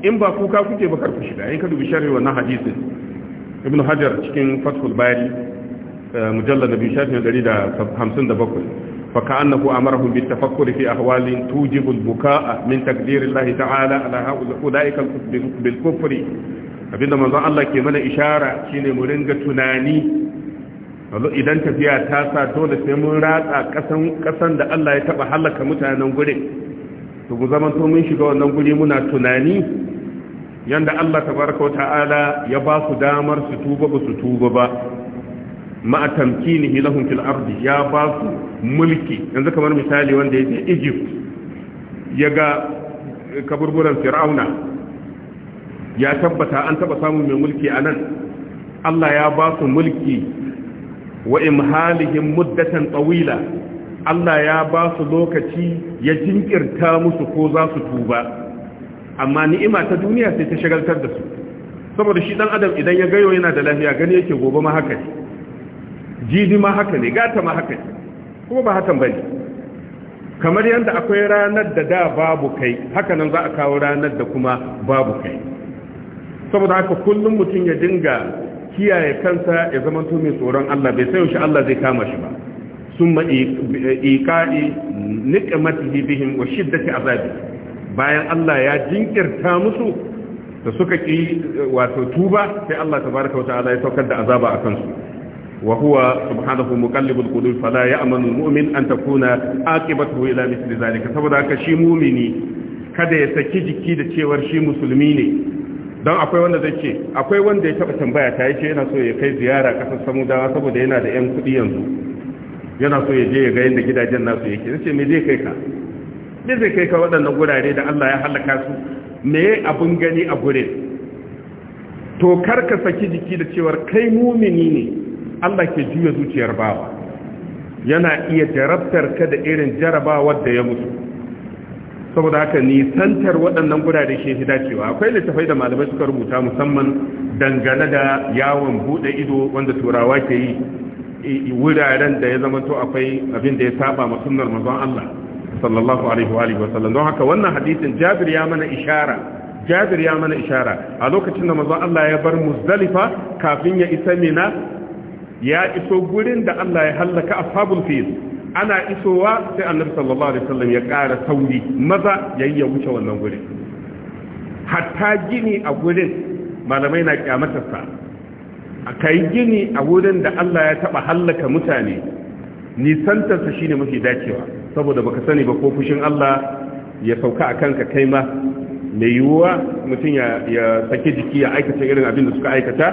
S1: in ba kuka kuke ba kar ku shiga in ka dubi sharhi wannan hadisi. ibnu hajar cikin fathul bari eh, mujallad nabi shafin 157 فكأنه أمرهم بالتفكر min أحوال توجب البكاء ala تقدير الله تعالى على أولئك بالكفر abinda manzon Allah ke mana ishara shine mu ringa tunani yanzu idan tafiya ta sa dole sai mun ratsa kasan kasan da Allah ya taba halaka mutanen gure to mu zaman to mun shiga wannan guri muna tunani yanda Allah tabaraka ta'ala ya ba su damar su tuba ba su tuba ba ma tamkinihi lahum fil ardi ya ba su mulki yanzu kamar misali wanda yake Egypt ya ga kaburburan Fir'auna ya tabbata an taba samun mai mulki a nan Allah ya ba su mulki wa imhalihim muddatan tawila Allah ya ba su lokaci ya jinkirta musu ko za su tuba amma ni'ima ta duniya sai ta shagaltar da su saboda shi dan adam idan ya gayo yana da lafiya gani yake gobe ma haka ne jibi ma haka ne gata ma haka ne kuma ba hakan bane kamar yadda akwai ranar da da babu kai haka nan za a kawo ranar da kuma babu kai saboda haka kullum mutum ya dinga kiyaye kansa ya zama to mai tsoron Allah bai sai yaushe Allah zai kama shi ba summa iqa'i niqmatihi bihim wa shiddati azabi bayan Allah ya jinkirta musu da suka ki wato tuba sai Allah tabaaraka wa ta'ala ya saukar da azaba akan su وهو سبحانه مقلب القلوب فلا يأمن المؤمن أن تكون عاقبته إلى مثل ذلك saboda haka shi mumini kada ya saki jiki da cewar shi musulmi ne don akwai wanda zai ce akwai wanda ya taba tambaya ta yace yana so ya kai ziyara kasar samudawa saboda yana da yan kudi yanzu yana so ya je ya ga yadda gidajen nasu yake yace me zai kai ka me zai kai ka waɗannan gurare da Allah ya halaka su me abun gani a gure to kar ka saki jiki da cewar kai mumini ne Allah ke juya zuciyar bawa yana iya jarabtar ka da irin jarabawar da ya mutu saboda haka nisantar waɗannan gurare shi fi dacewa akwai littafai da malamai suka rubuta musamman dangane da yawon buɗe ido wanda turawa ke yi wuraren da ya zama to akwai abin da ya saba ma sunnar manzon Allah sallallahu alaihi wa alihi wa sallam don haka wannan hadisin Jabir ya mana ishara Jabir ya mana ishara a lokacin da manzon Allah ya bar Muzdalifa kafin ya isa Mina ya iso gurin da Allah ya halaka ashabul fil ana isowa sai annabi sallallahu alaihi wasallam ya ƙara sauri maza yayi ya wuce wannan gurin hatta gini a gurin malamai na kyamatarsa a kai gini a gurin da Allah ya taba hallaka mutane nisantarsa shine mafi dacewa saboda baka sani ba ko fushin Allah ya sauka a ka kai ma mai yiwuwa mutum ya sake jiki ya aikata irin abin da suka aikata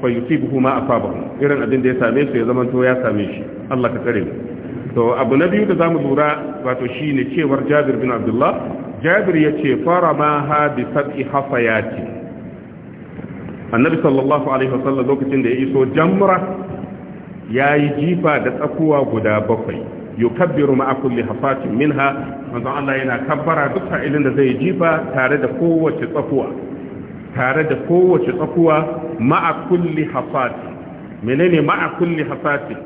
S1: fa yusibuhu ma asabahu irin abin da ya same su ya zama to ya same shi Allah ka tsare mu to abu na biyu da zamu lura wato shine cewar Jabir bin Abdullah Jabir yace faramaha bi sab'i hafayati Annabi sallallahu alaihi wasallam lokacin da ya iso jamra yayi jifa da tsakuwa guda bakwai yukabbiru ma'a kulli hafatin minha manzo Allah yana kabbara duk sa'ilin da zai jifa tare da kowace tsakuwa tare da kowace tsakuwa ma'a kulli hafati menene ma'a kulli hafati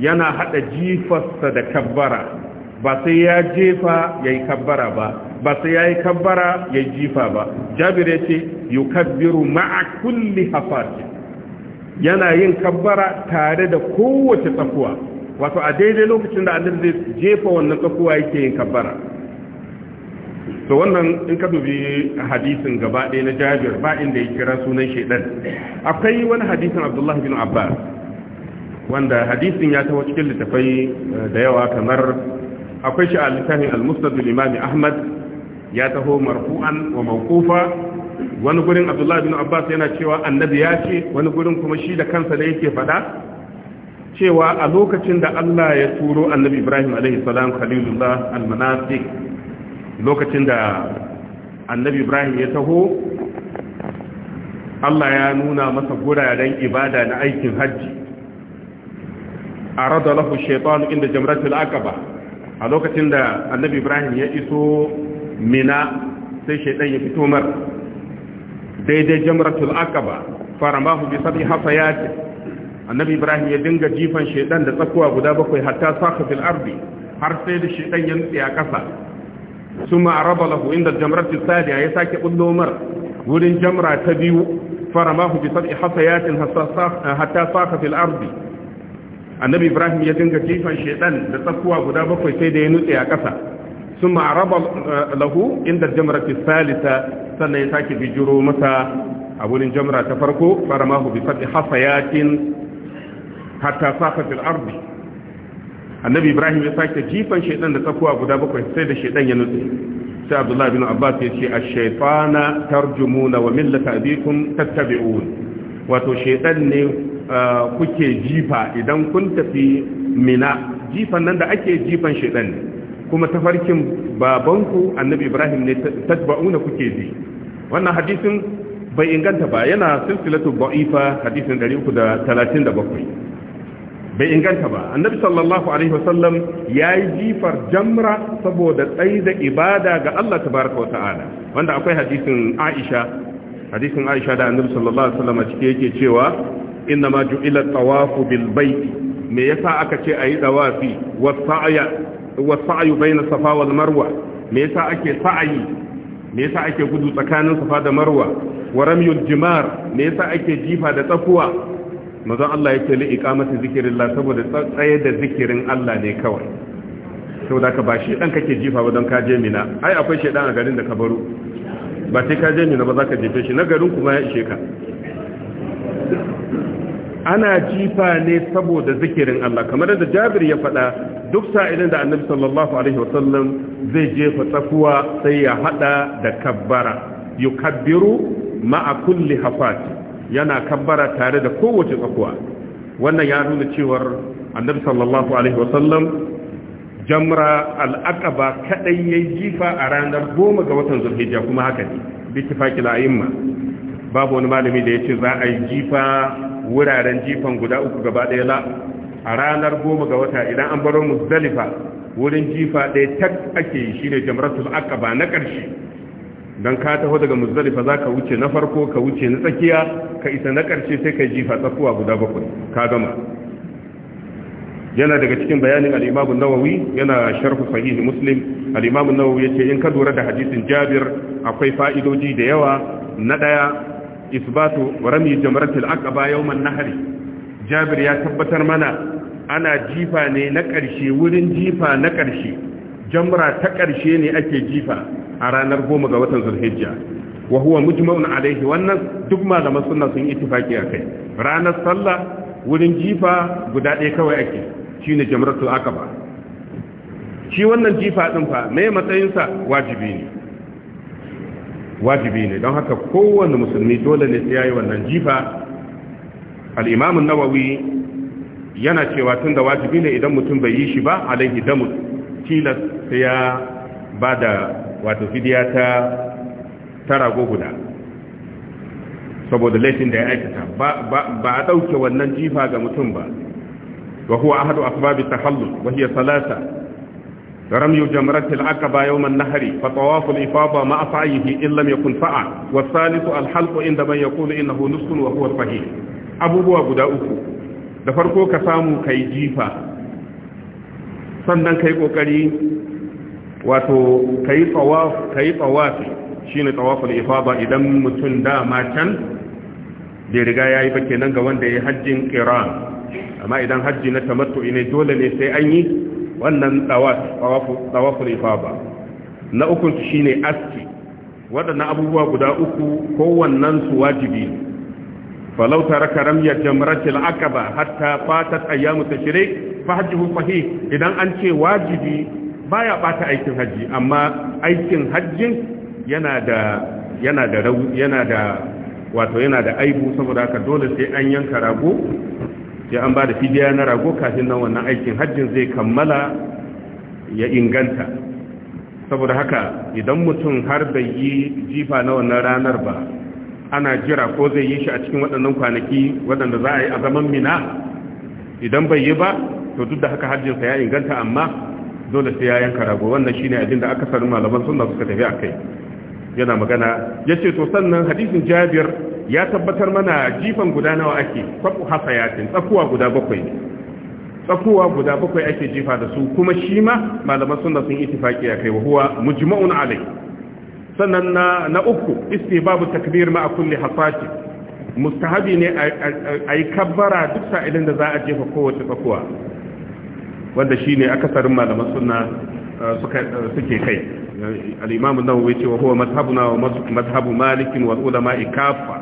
S1: yana hada jifarsa da kabbara ba sai ya jefa yayi kabbara ba ba sai yayi kabbara yayi jifa ba jabir yace yukabbiru ma'a kulli hafatin yana yin kabbara tare da kowace tsakuwa wato a daidai lokacin da annabi zai jefa wannan tsakuwa yake yin kabbara to wannan in ka dubi hadisin gaba ɗaya na jabir ba inda ya kira sunan shaidan akwai wani hadisin abdullahi bin abbas wanda hadisin ya taho cikin littafai eh, da yawa kamar akwai shi a littafin al-mustad al-imam ahmad ya taho marfu'an wa mawqufa wani gurin abdullah bin abbas yana cewa annabi ya ce wani gurin kuma shi da kansa da yake fada cewa a lokacin da Allah ya turo annabi ibrahim alaihi salam khalilullah al-manasik lokacin da annabi ibrahim ya taho Allah ya nuna masa guraren ibada na aikin hajji arada lahu shaytan inda jamratul aqaba a lokacin da annabi ibrahim ya iso mina sai shaytan ya fito mar daidai jamratul aqaba faramahu bi sabi hafayat annabi ibrahim ya dinga jifan shaytan da tsakuwa guda bakwai hatta saka fil ardi har sai da shaytan ya nutse a kasa summa arada lahu inda jamratul sadiya ya sake bullo mar wurin jamra ta biyu faramahu bi sabi hafayatin hatta saka fil ardi annabi ibrahim ya dinga jifan shaidan da tsakuwa guda bakwai sai da ya nutse a ƙasa sun ma'araba eh, lahu inda jamratu salisa sannan ya sake bijiro masa a wurin jamra ta farko faramahu bi fadi hasayatin hatta safa fil ardi annabi ibrahim ya sake jifan shaidan da tsakuwa guda bakwai sai da shaidan ya nutse sai abdullahi bin abbas ya ce a shaytana tarjumuna wa millata abikum tattabi'un wato shaidan ne kuke jifa idan kun tafi mina jifan nan da ake jifan shaidan ne kuma tafarkin babanku annabi ibrahim ne tatba'una kuke bi wannan hadisin bai inganta ba yana silsilatu ba'ifa hadisin 337 bai inganta ba annabi sallallahu alaihi wasallam yayi jifar jamra saboda tsaida ibada ga Allah tabaraka wa ta'ala wanda akwai hadisin Aisha hadisin Aisha da annabi sallallahu alaihi wasallam cike yake cewa inna innama ju'ila tawafu bil baiti me yasa aka ce ayi tawafi wasa'ya wasa'yu bayna safa wal marwa me yasa ake sa'ayi me yasa ake gudu tsakanin safa da marwa wa ramyul jimar me yasa ake jifa da tsakuwa mazan Allah yake li iqamati zikrillah saboda tsaye da zikirin Allah ne kawai saboda ka ba shi dan kake jifa ba don ka je mina ai akwai shedan a garin da ka baro ba sai ka je mina ba za ka jefe shi na garin kuma ya ishe ka ana jifa ne saboda zikirin Allah kamar da Jabir ya faɗa duk saidan da Annabi sallallahu alaihi wasallam zai jefa tsakuwa sai ya haɗa da kabbara yukabbiru ma'a kulli hafati yana kabbara tare da kowace tsakuwa wannan ya nuna cewar Annabi sallallahu alaihi wasallam jamra al kaɗai kadai yayin jifa a ranar goma ga watan Zulhijja kuma haka ne bi ittifaqil a'imma babu wani malami da ya ce za a yi jifa wuraren jifan guda uku gaba ɗaya la a ranar goma ga wata idan an baro muzdalifa wurin jifa ɗaya tak ake yi shine jamratul aqaba na ƙarshe dan ka taho daga muzdalifa zaka wuce na farko ka wuce na tsakiya ka isa na ƙarshe sai ka jifa tsakuwa guda bakwai ka gama yana daga cikin bayanin al-Imam nawawi yana sharhu sahih Muslim al-Imam an-Nawawi yace in ka lura da hadisin Jabir akwai fa'idoji da yawa na daya isbatu rami jamratul aqaba yawman nahri jabir ya tabbatar mana ana jifa ne na ƙarshe wurin jifa na ƙarshe jamra ta ƙarshe ne ake jifa a ranar goma ga watan zulhijja wa huwa mujma'un Alayhi, wannan duk malaman sunna sun ittifaki akai ranar sallah wurin jifa guda ɗaya kawai ake shine jamratul aqaba shi wannan jifa din fa me matsayin sa wajibi ne wajibi ne don haka kowane musulmi dole ne sai yi wannan jifa al'imamin imam nawawi yana cewa tunda wajibi ne idan mutum bai yi shi ba alaihi damu tilas sai ya bada wato fidiya ta tara guda saboda laifin da ya aikata ba a ɗauke wannan jifa ga mutum ba wa huwa ahadu asbabi tahallul wa hiya salasa رمي جمرة العقبة يوم النهر فطواف الإفاضة مع سعيه إن لم يكن سعى والثالث الحلق عندما يقول إنه نصف وهو صحيح أبو بوا غدا أكو da farko ka samu kai jifa sannan kai kokari wato kai tawaf kai tawafi shine tawaful ifada idan mutum dama can bai riga yi ba kenan ga wanda yayi hajjin qiran amma idan hajji na tamattu dole ne sai an yi wannan tawaful ba na ukun su shine aski waɗannan abubuwa guda uku kowannen su wajibi falau taraka ramyar aka ba hatta fatat ta shirai fa hajjuhu fahi idan an ce wajibi ba ya bata aikin hajji amma aikin hajjin yana da yana da wato yana da aibu saboda haka dole sai an yanka rago sai an ba da fidiya na rago kafin nan wannan aikin hajjin zai kammala ya inganta saboda haka idan mutum har bai yi jifa na wannan ranar ba ana jira ko zai yi shi a cikin waɗannan kwanaki waɗanda za a yi a zaman mina idan bai yi ba to duk da haka hajjinsa ya inganta amma dole sai ya yanka rago wannan shine abin da aka sani malaman sunna suka tafi a yana magana yace to sannan hadisin jabir ya tabbatar mana jifan guda nawa ake ya hasayatin tsakuwa guda bakwai ne tsakuwa guda bakwai ake jifa da su kuma shi ma malaman suna sun ittifaki a kai wahuwa mujima'un alai sannan na na uku istibabu takbir ma kulli hasati mustahabi ne a ai kabbara duk sa'ilin da za a jefa kowace tsakuwa wanda shi ne akasarin malaman suna uh, uh, suke kai al'imamu nan wuce wa mazhabu mazhabuna wa mazhabu malikin wa ulama ikafa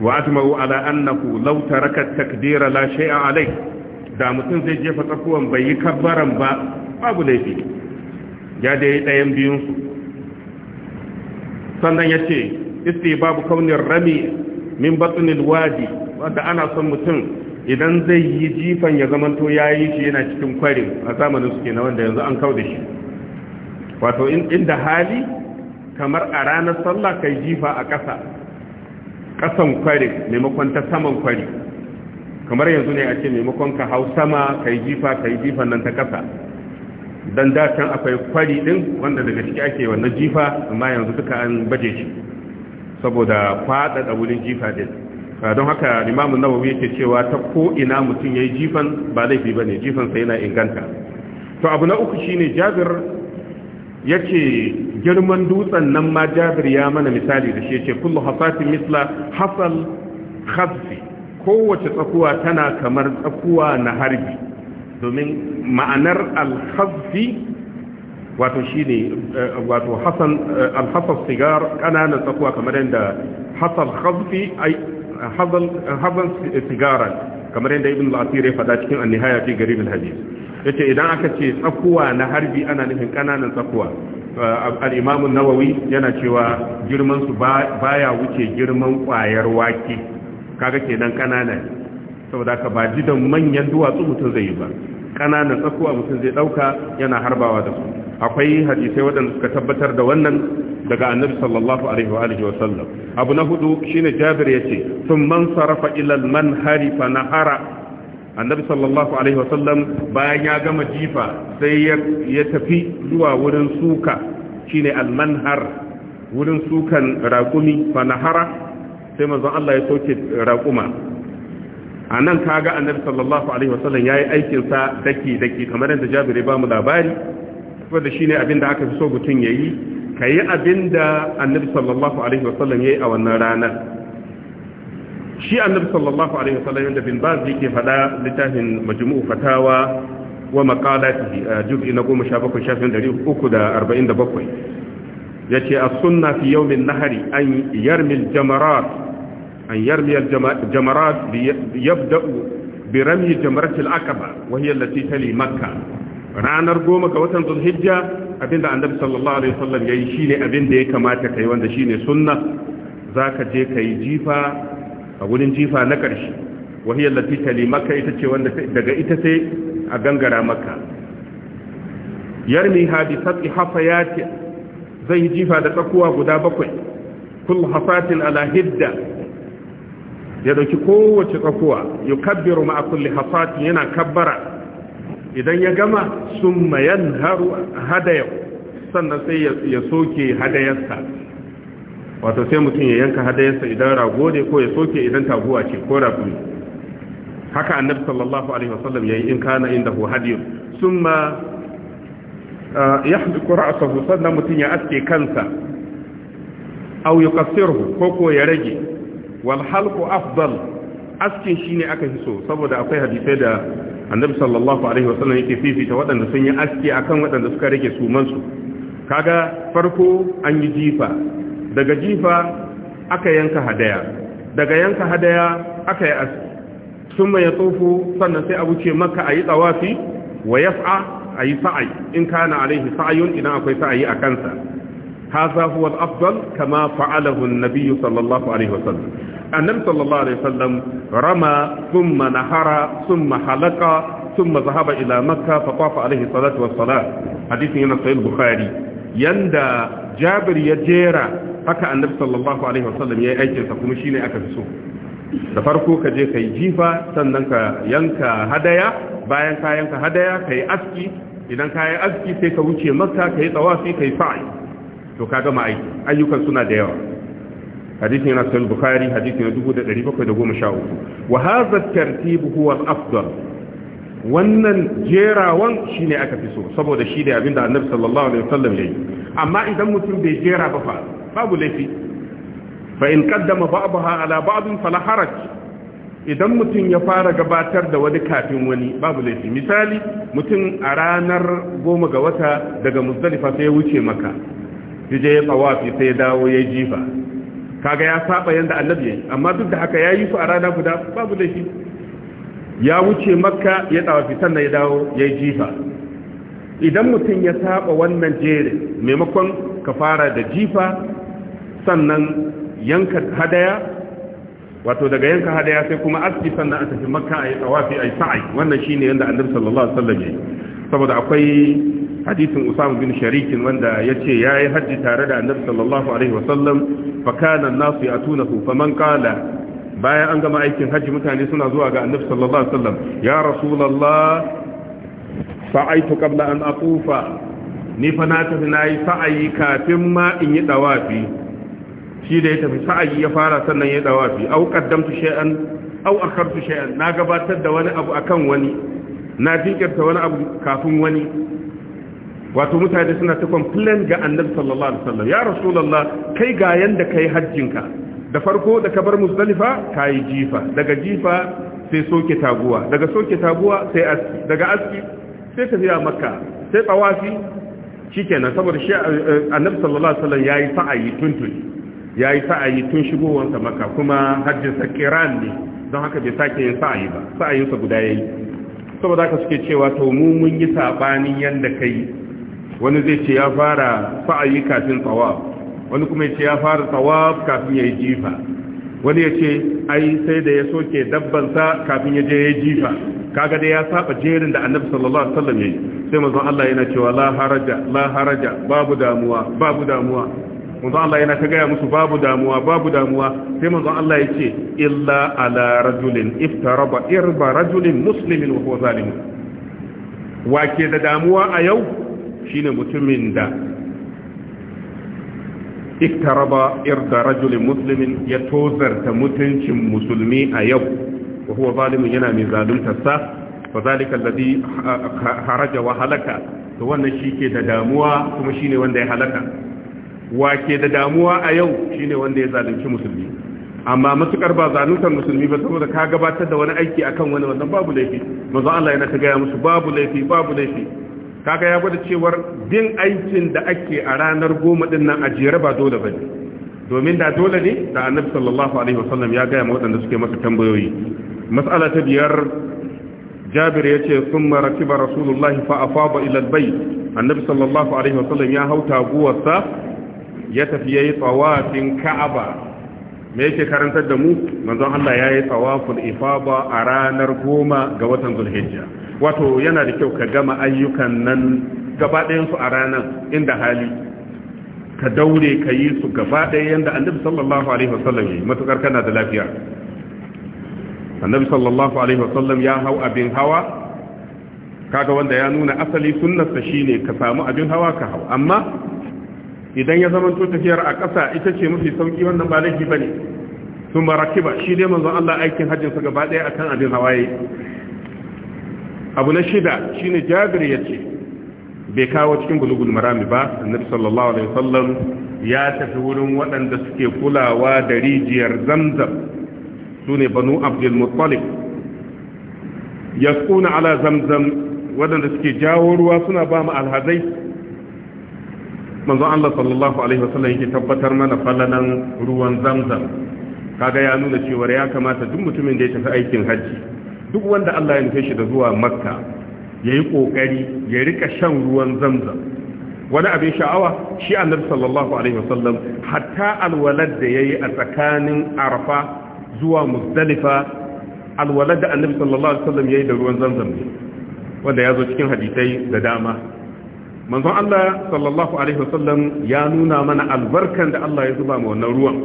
S1: wa atmaru ala annahu law taraka takdira la shay'a alai da mutum zai jefa tsakuwan bai yi kabbaran ba babu laifi ya dai ɗayan biyun sannan ya ce babu kaunin rami min batsunin wadi wanda ana son mutum idan zai yi jifan ya zamanto ya yi shi yana cikin kwarin a zamanin suke na wanda yanzu an kau da shi wato inda hali kamar a ranar sallah kai jifa a ƙasa kasan kwarin maimakon ta saman kwari kamar yanzu ne a ce maimakon ka hau sama ka yi jifa ka yi jifa nan ta kasa don datan akwai kwari din wanda daga ciki ake wannan jifa amma yanzu duka an baje shi saboda da wurin jifa din don haka limamin nawawi yake cewa ta ko ina mutum ya yi jifan ba laifi ba ne jifansa yana inganta to abu na uku shine jabir ya ce girman dutsen nan ma jabir ya mana misali da shi ya ce kullu hafatin misla hasal khafsi kowace tsakuwa tana kamar tsakuwa na harbi domin ma'anar alhafi wato shi ne eh, wato hasan eh, alhasar sigar ƙananan tsakuwa kamar yadda hasal hafi hazan eh, sigaran kamar yadda ibn al'asir ya fada cikin annihaya fi garibin hadis yace idan aka ce tsakuwa na harbi ana nufin ƙananan tsakuwa uh, al'imamin nawawi yana cewa girman su baya wuce girman kwayar wake kaga kenan ƙanana ne saboda ka ba da manyan duwatsu mutum zai yi ba ƙananan tsakuwa mutum zai ɗauka yana harbawa da su akwai hadisai waɗanda suka tabbatar da wannan daga annabi sallallahu alaihi wa alihi wa sallam abu na hudu shine jabir yace sun man sarafa ila al manhari nahara annabi sallallahu alaihi wasallam bayan ya gama jifa sai ya tafi zuwa wurin suka shine almanhar wurin sukan raƙumi fanahara sai manzon Allah ya sauke raƙuma a nan kaga annabi sallallahu alaihi wasallam ya yi aikinsa daki-daki kamar yadda jabiri ba mu labari da shi ne abin da aka fi so mutum ya yi ka yi abin da annabi sallallahu alaihi wasallam ya yi a wannan ranar shi annabi sallallahu alaihi wasallam da bin baz yake fada littafin majmu'u fatawa wa maqalatihi juz'i na 17 shafin 347 yace as-sunna fi yawm an-nahri an yarmi al-jamarat an yarmi al-jamarat yabda'u bi rami jamarat al-aqaba wa hiya allati tali makkah ranar goma ga watan zulhijja abinda annabi sallallahu alaihi wasallam yayi shine abinda ya kamata kai wanda shine sunna zaka je kai jifa a gurin jifa na ƙarshe
S2: wahiyar latitali maka ita ce wanda
S1: daga ita sai a gangara maka yarmi hadi fatsi hafa ya ce zai yi jifa da tsakuwa guda bakwai kul hafatin ala hidda ya dauki kowace tsakuwa ya kabbiru ma'a kulli hafatin yana kabbara idan ya gama sun mayan hadayau sannan sai ya soke hadayarsa wato sai mutum ya yanka hadayarsa idan rago ne ko ya soke idan taguwa ce ko rago ne haka annabi sallallahu alaihi wasallam yayi in kana indahu hadiyun summa ah, yahdiku ra'sahu sannan mutum ya aske kansa aw yuqassirhu ko ko ya rage wal halqu afdal askin shine aka hiso saboda akwai hadisai da annabi sallallahu alaihi wasallam yake fifita waɗanda sun yi aski akan waɗanda suka rage sumansu kaga farko an yi jifa daga jifa aka yanka hadaya daga yanka hadaya aka yi aski sun mai tsofu sannan sai a wuce maka a yi tsawafi wa ya yaf'a a yi sa'ai in ka kana alaihi sa'ayun idan akwai sa'ayi a kansa haza huwa al-afdal kama fa'alahu an sallallahu alaihi wasallam annabi sallallahu alaihi wasallam rama thumma nahara thumma halaka thumma zahaba ila makka fa tafa alaihi salatu wassalam hadithin yana sahih bukhari yanda jabir ya jera haka annabi sallallahu alaihi wasallam yayi aikin sa kuma shine aka fi so da farko ka je kai jifa sannan ka yanka hadaya bayan ka yanka hadaya kai aski idan ka yi aski sai ka wuce makka ka yi tsawafi ka yi sa'i to ka gama aiki ayyukan suna da yawa hadisi na sahih bukhari hadisi na 1713 wa hadha tartib huwa afdal wannan jerawan shine aka fi so saboda shi da abinda annabi sallallahu alaihi wasallam yayi amma idan mutum bai jera ba fa babu laifi fa in kaddama ba'daha ala fa la haraj idan mutum ya fara gabatar da wani kafin wani babu laifi misali mutum a ranar goma ga wata daga muzdalifa sai ya wuce maka jije ya tsawafi sai ya dawo ya jifa kaga ya saba yanda annabi yayi amma duk da haka yayi su a rana guda babu laifi ya wuce makka ya tsawafi sannan ya dawo ya jifa idan mutum ya saba wannan jere maimakon ka fara da jifa sannan yanka hadaya wato daga yanka hadaya sai kuma aski sannan a tafi makka a yi tsawafi a yi sa'ai wannan shi ne yadda annabi sallallahu alaihi wasallam ya saboda akwai hadisin usam bin sharikin wanda ya ce ya yi hajji tare da annabi sallallahu alaihi wasallam fa kana nasu ya tunahu fa man qala bayan an gama aikin hajji mutane suna zuwa ga annabi sallallahu alaihi wasallam ya rasulullah sa'aitu qabla an atufa ni fa na tafi nayi sa'ayi kafin ma in yi dawafi shi da ya tafi sa'ayi ya fara sannan ya fi au qaddamtu shay'an au akhartu shay'an na gabatar da wani abu akan wani na jinkirta wani abu kafin wani wato mutane suna ta complain ga annabi sallallahu alaihi wasallam ya rasulullah kai ga yanda kai hajjinka da farko da ka bar muzdalifa kai jifa daga jifa sai soke taguwa daga soke taguwa sai aski daga aski sai tafiya makka sai tawafi shikenan saboda shi eh, annabi sallallahu alaihi wasallam yayi sa'ayi tuntuni ya yi sa'ayi tun shigowansa maka kuma hajjinsa kiran ne don haka bai sake yin sa'ayi ba sa'ayinsa guda ya yi saboda haka suke cewa to mu mun yi saɓanin yadda ka yi wani zai ce ya fara sa'ayi kafin tsawab wani kuma ya ce ya fara tsawab kafin ya yi jifa wani ya ce ai sai da ya soke dabbansa kafin ya je ya jifa kaga da ya saba jerin da annabi sallallahu alaihi wasallam yayi sai manzon Allah yana cewa la haraja la haraja babu damuwa babu damuwa manzo Allah yana ta gaya musu babu damuwa babu damuwa sai manzo Allah ya ce illa ala rajulin iftaraba irba rajulin muslimin wa huwa zalim ke da damuwa a yau shine mutumin da iftaraba irba rajulin muslimin ya tozarta mutuncin musulmi a yau wa huwa zalimin yana mai zaluntarsa fa zalika alladhi haraja wa halaka to wannan shike da damuwa kuma shine wanda ya halaka wake da damuwa a yau shine wanda ya zalunci musulmi amma matukar ba zalunta musulmi ba saboda ka gabatar da wani aiki akan wani wannan babu laifi manzo Allah yana ta gaya musu babu laifi babu laifi kaga ya gwada cewar bin aikin da ake a ranar goma din nan a jere ba dole bane domin da dole ne da annabi sallallahu alaihi wasallam ya gaya ma waɗanda suke masa tambayoyi mas'ala ta biyar jabir ya ce sun rasulullahi fa ba ila bai annabi sallallahu alaihi wasallam ya hau guwarsa ya tafi yayi tsawafin ka'aba me yake karantar da mu manzon Allah yayi tsawafin ifaba a ranar goma ga watan zulhijja wato yana da kyau ka gama ayyukan nan gaba su a ranar inda hali ka daure ka yi su gaba ɗaya yadda annabi sallallahu alaihi wasallam yayi matukar kana da lafiya annabi sallallahu alaihi wasallam ya hau abin hawa kaga wanda ya nuna asali sunnarsa shine ka samu abin hawa ka hau amma idan ya zama tafiyar a ƙasa ita ce mafi sauƙi, wannan ba laifi ba ne. sun ba shi dai manzon Allah aikin hajjin sa gaba ɗaya akan abin hawaye abu na shida shi shine Jabir ce bai kawo cikin bulugul marami ba annabi sallallahu alaihi wasallam ya tafi wurin waɗanda suke kulawa da rijiyar zamzam su ne banu abdul muttalib yasquna ala zamzam waɗanda suke jawo ruwa suna ba mu alhazai manzon Allah sallallahu alaihi wasallam yake tabbatar mana falalan ruwan zamzam kaga ya nuna cewa ya kamata duk mutumin da ya tafi aikin hajji duk wanda Allah ya nufe shi da zuwa makka yayi kokari ya rika shan ruwan zamzam wani abin sha'awa shi annabi sallallahu alaihi wasallam hatta alwalad da yayi a tsakanin arfa zuwa muzdalifa alwalad da annabi sallallahu alaihi wasallam yayi da ruwan zamzam ne wanda ya zo cikin hadisai da dama manzon Allah sallallahu alaihi wasallam ya nuna mana albarkan da Allah ya zuba ma wannan ruwan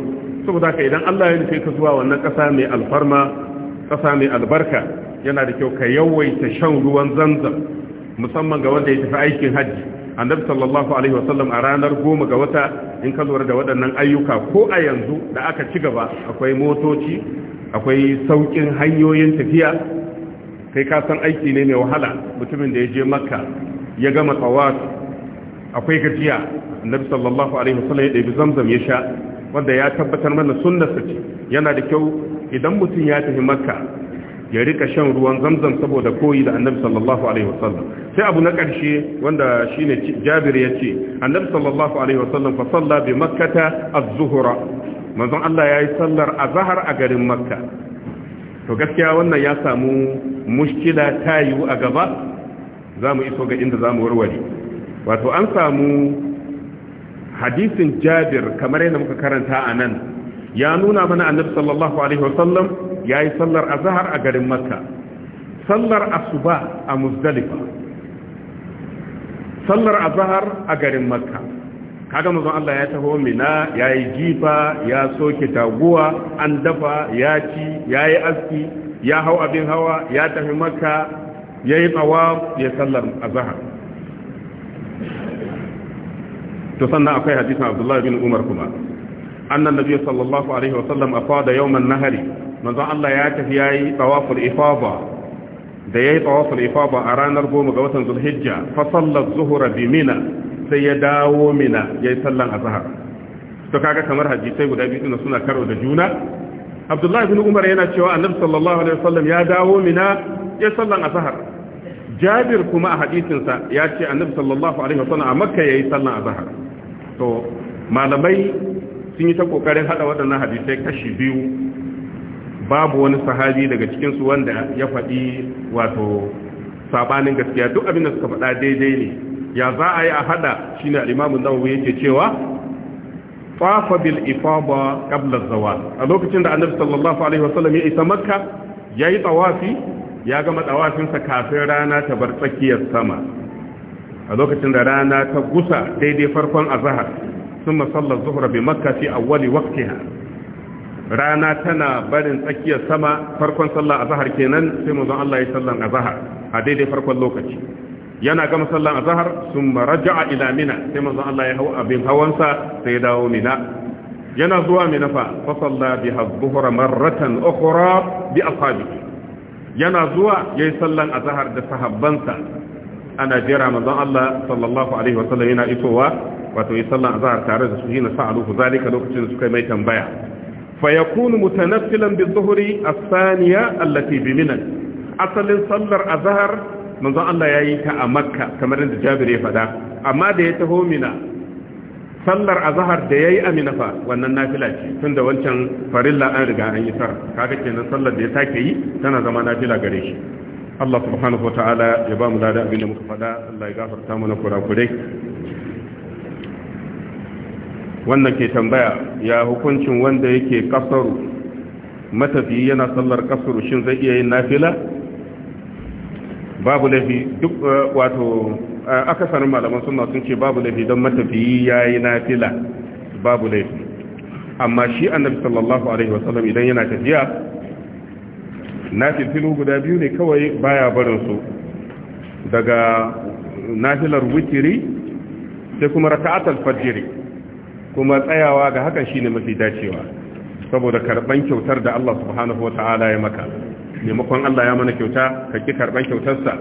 S1: saboda haka idan Allah ya nufe ka zuwa wannan ƙasa mai alfarma ƙasa mai albarka yana da kyau ka yawaita shan ruwan zanzam musamman ga wanda ya tafi aikin hajji annabi sallallahu alaihi wasallam a ranar goma ga wata in ka lura da waɗannan ayyuka ko a yanzu da aka ci gaba akwai motoci akwai sauƙin hanyoyin tafiya kai ka san aiki ne mai wahala mutumin da ya je makka ya gama tawafi akwai gajiya annabi sallallahu alaihi wasallam ya ɗebi zamzam ya sha wanda ya tabbatar mana sunnarsa ce yana da kyau idan mutum ya tafi makka ya rika shan ruwan zamzam saboda koyi da annabi sallallahu alaihi wasallam sai abu na ƙarshe wanda shine Jabir ya ce annabi sallallahu alaihi wasallam fa salla bi makkata az-zuhra manzon Allah yayi sallar azhar a garin makka to gaskiya wannan ya samu mushkila tayu a gaba za mu iso ga inda za mu warware wato an samu hadisin jabir kamar yadda muka karanta a nan ya nuna mana annabi sallallahu alaihi wasallam ya yi sallar zahar a garin makka sallar asuba a muzdalifa sallar zahar a garin makka kaga mazan Allah ya taho mina ya yi jifa ya soke taguwa an dafa ya ci ya yi aski ya hau abin hawa ya tafi makka ya yi tsawa ya sallar a zahar to sannan akwai hadisin abdullahi bin umar kuma annan nabi sallallahu alaihi wa wasallam afada yawman nahari manzon Allah ya tafi yayi tawaful ifada da yayi tawaful ifada a ranar goma ga watan zulhijja fa sallat zuhra bi mina sai ya dawo mina yayi sallan azhar to kaga kamar hadisi guda biyu suna karo da juna Abdullahi bin Umar yana cewa Annabi sallallahu alaihi wa sallam ya dawo mina ya sallan azhar jabir kuma a hadisinsa ya ce annabi sallallahu alaihi wasallam a makka yayi sallan azhar to malamai sun yi ta kokarin hada waɗannan hadisai kashi biyu babu wani sahabi daga cikin su wanda ya faɗi wato sabanin gaskiya duk abin da suka faɗa daidai ne ya za a yi a hada shine al-imamu nawawi yake cewa tafa bil ifaba qabla az-zawal a lokacin da annabi sallallahu alaihi wasallam ya isa makka yayi tawafi ya gama tsawafinsa kafin rana ta bar tsakiyar sama a lokacin da rana ta gusa daidai farkon azahar sun masallar zuhura bi makka fi awwali waqtiha rana tana barin tsakiyar sama farkon sallar azahar kenan sai manzon Allah ya sallan azahar a daidai farkon lokaci yana gama sallan azahar sun maraja'a ila mina sai manzon Allah ya hau abin hawansa sai ya dawo mina yana zuwa mina fa fa salla biha dhuhra marratan ukhra bi ashabihi yana zuwa ya yi sallan a zahar da sahabbansa ana jera manzon Allah sallallahu alaihi wasallam yana isowa wato yi sallan a zahar tare da su yi na sa'aluhu zalika lokacin da suka mai tambaya fayakunu yakunu mutanaffilan bi dhuhri a saniya allati bi minan asalin sallar azahar manzon Allah ya yi ta a Makka kamar yadda Jabir ya faɗa amma da ya taho Mina sallar azhar da yayi amina fa wannan nafila ce tunda wancan farilla an riga an yi sar kaga kenan sallar da ya sake yi tana zama nafila gare shi Allah subhanahu wataala ya ba mu ladan abin da muka faɗa Allah ya gafarta mana kurakurai wannan ke tambaya ya hukuncin wanda yake kasaru matafiyi yana sallar kasaru shin zai iya yin nafila babu laifi duk eh, wato akasarin malaman suna sun ce babu laifi don matafiyi ya yi nafila babu laifi amma shi annabi sallallahu alaihi wasallam idan yana tafiya nafilfilu guda biyu ne kawai baya barinsu daga nafilar wikiri sai kuma raka'atul fajiri kuma tsayawa ga hakan shi ne mafi dacewa saboda karban kyautar da Allah subhanahu wa ta'ala ya maka maimakon Allah ya mana kyauta ka ki karɓan kyautarsa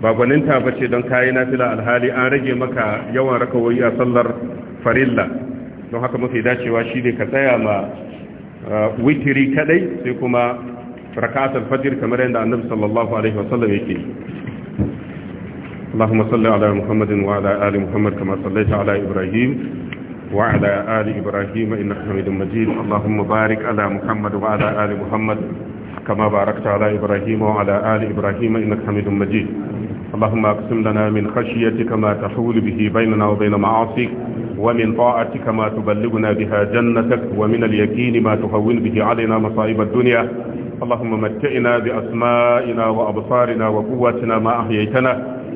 S1: ba gwaninta ba ce don kayi nafila alhali an rage maka yawan rakawoyi a sallar farilla don haka mafi dacewa shi ne ka tsaya ma uh, witiri kadai sai kuma rakatul fajr kamar yadda annabi sallallahu alaihi wasallam yake اللهم صل على محمد وعلى آل محمد كما صليت على إبراهيم وعلى آل إبراهيم إنك حميد مجيد اللهم بارك على محمد وعلى آل محمد كما باركت على إبراهيم وعلى آل إبراهيم إنك حميد مجيد اللهم اقسم لنا من خشيتك ما تحول به بيننا وبين معاصيك ومن طاعتك ما تبلغنا بها جنتك ومن اليقين ما تهون به علينا مصائب الدنيا اللهم متئنا بأسمائنا وأبصارنا وقواتنا ما أحييتنا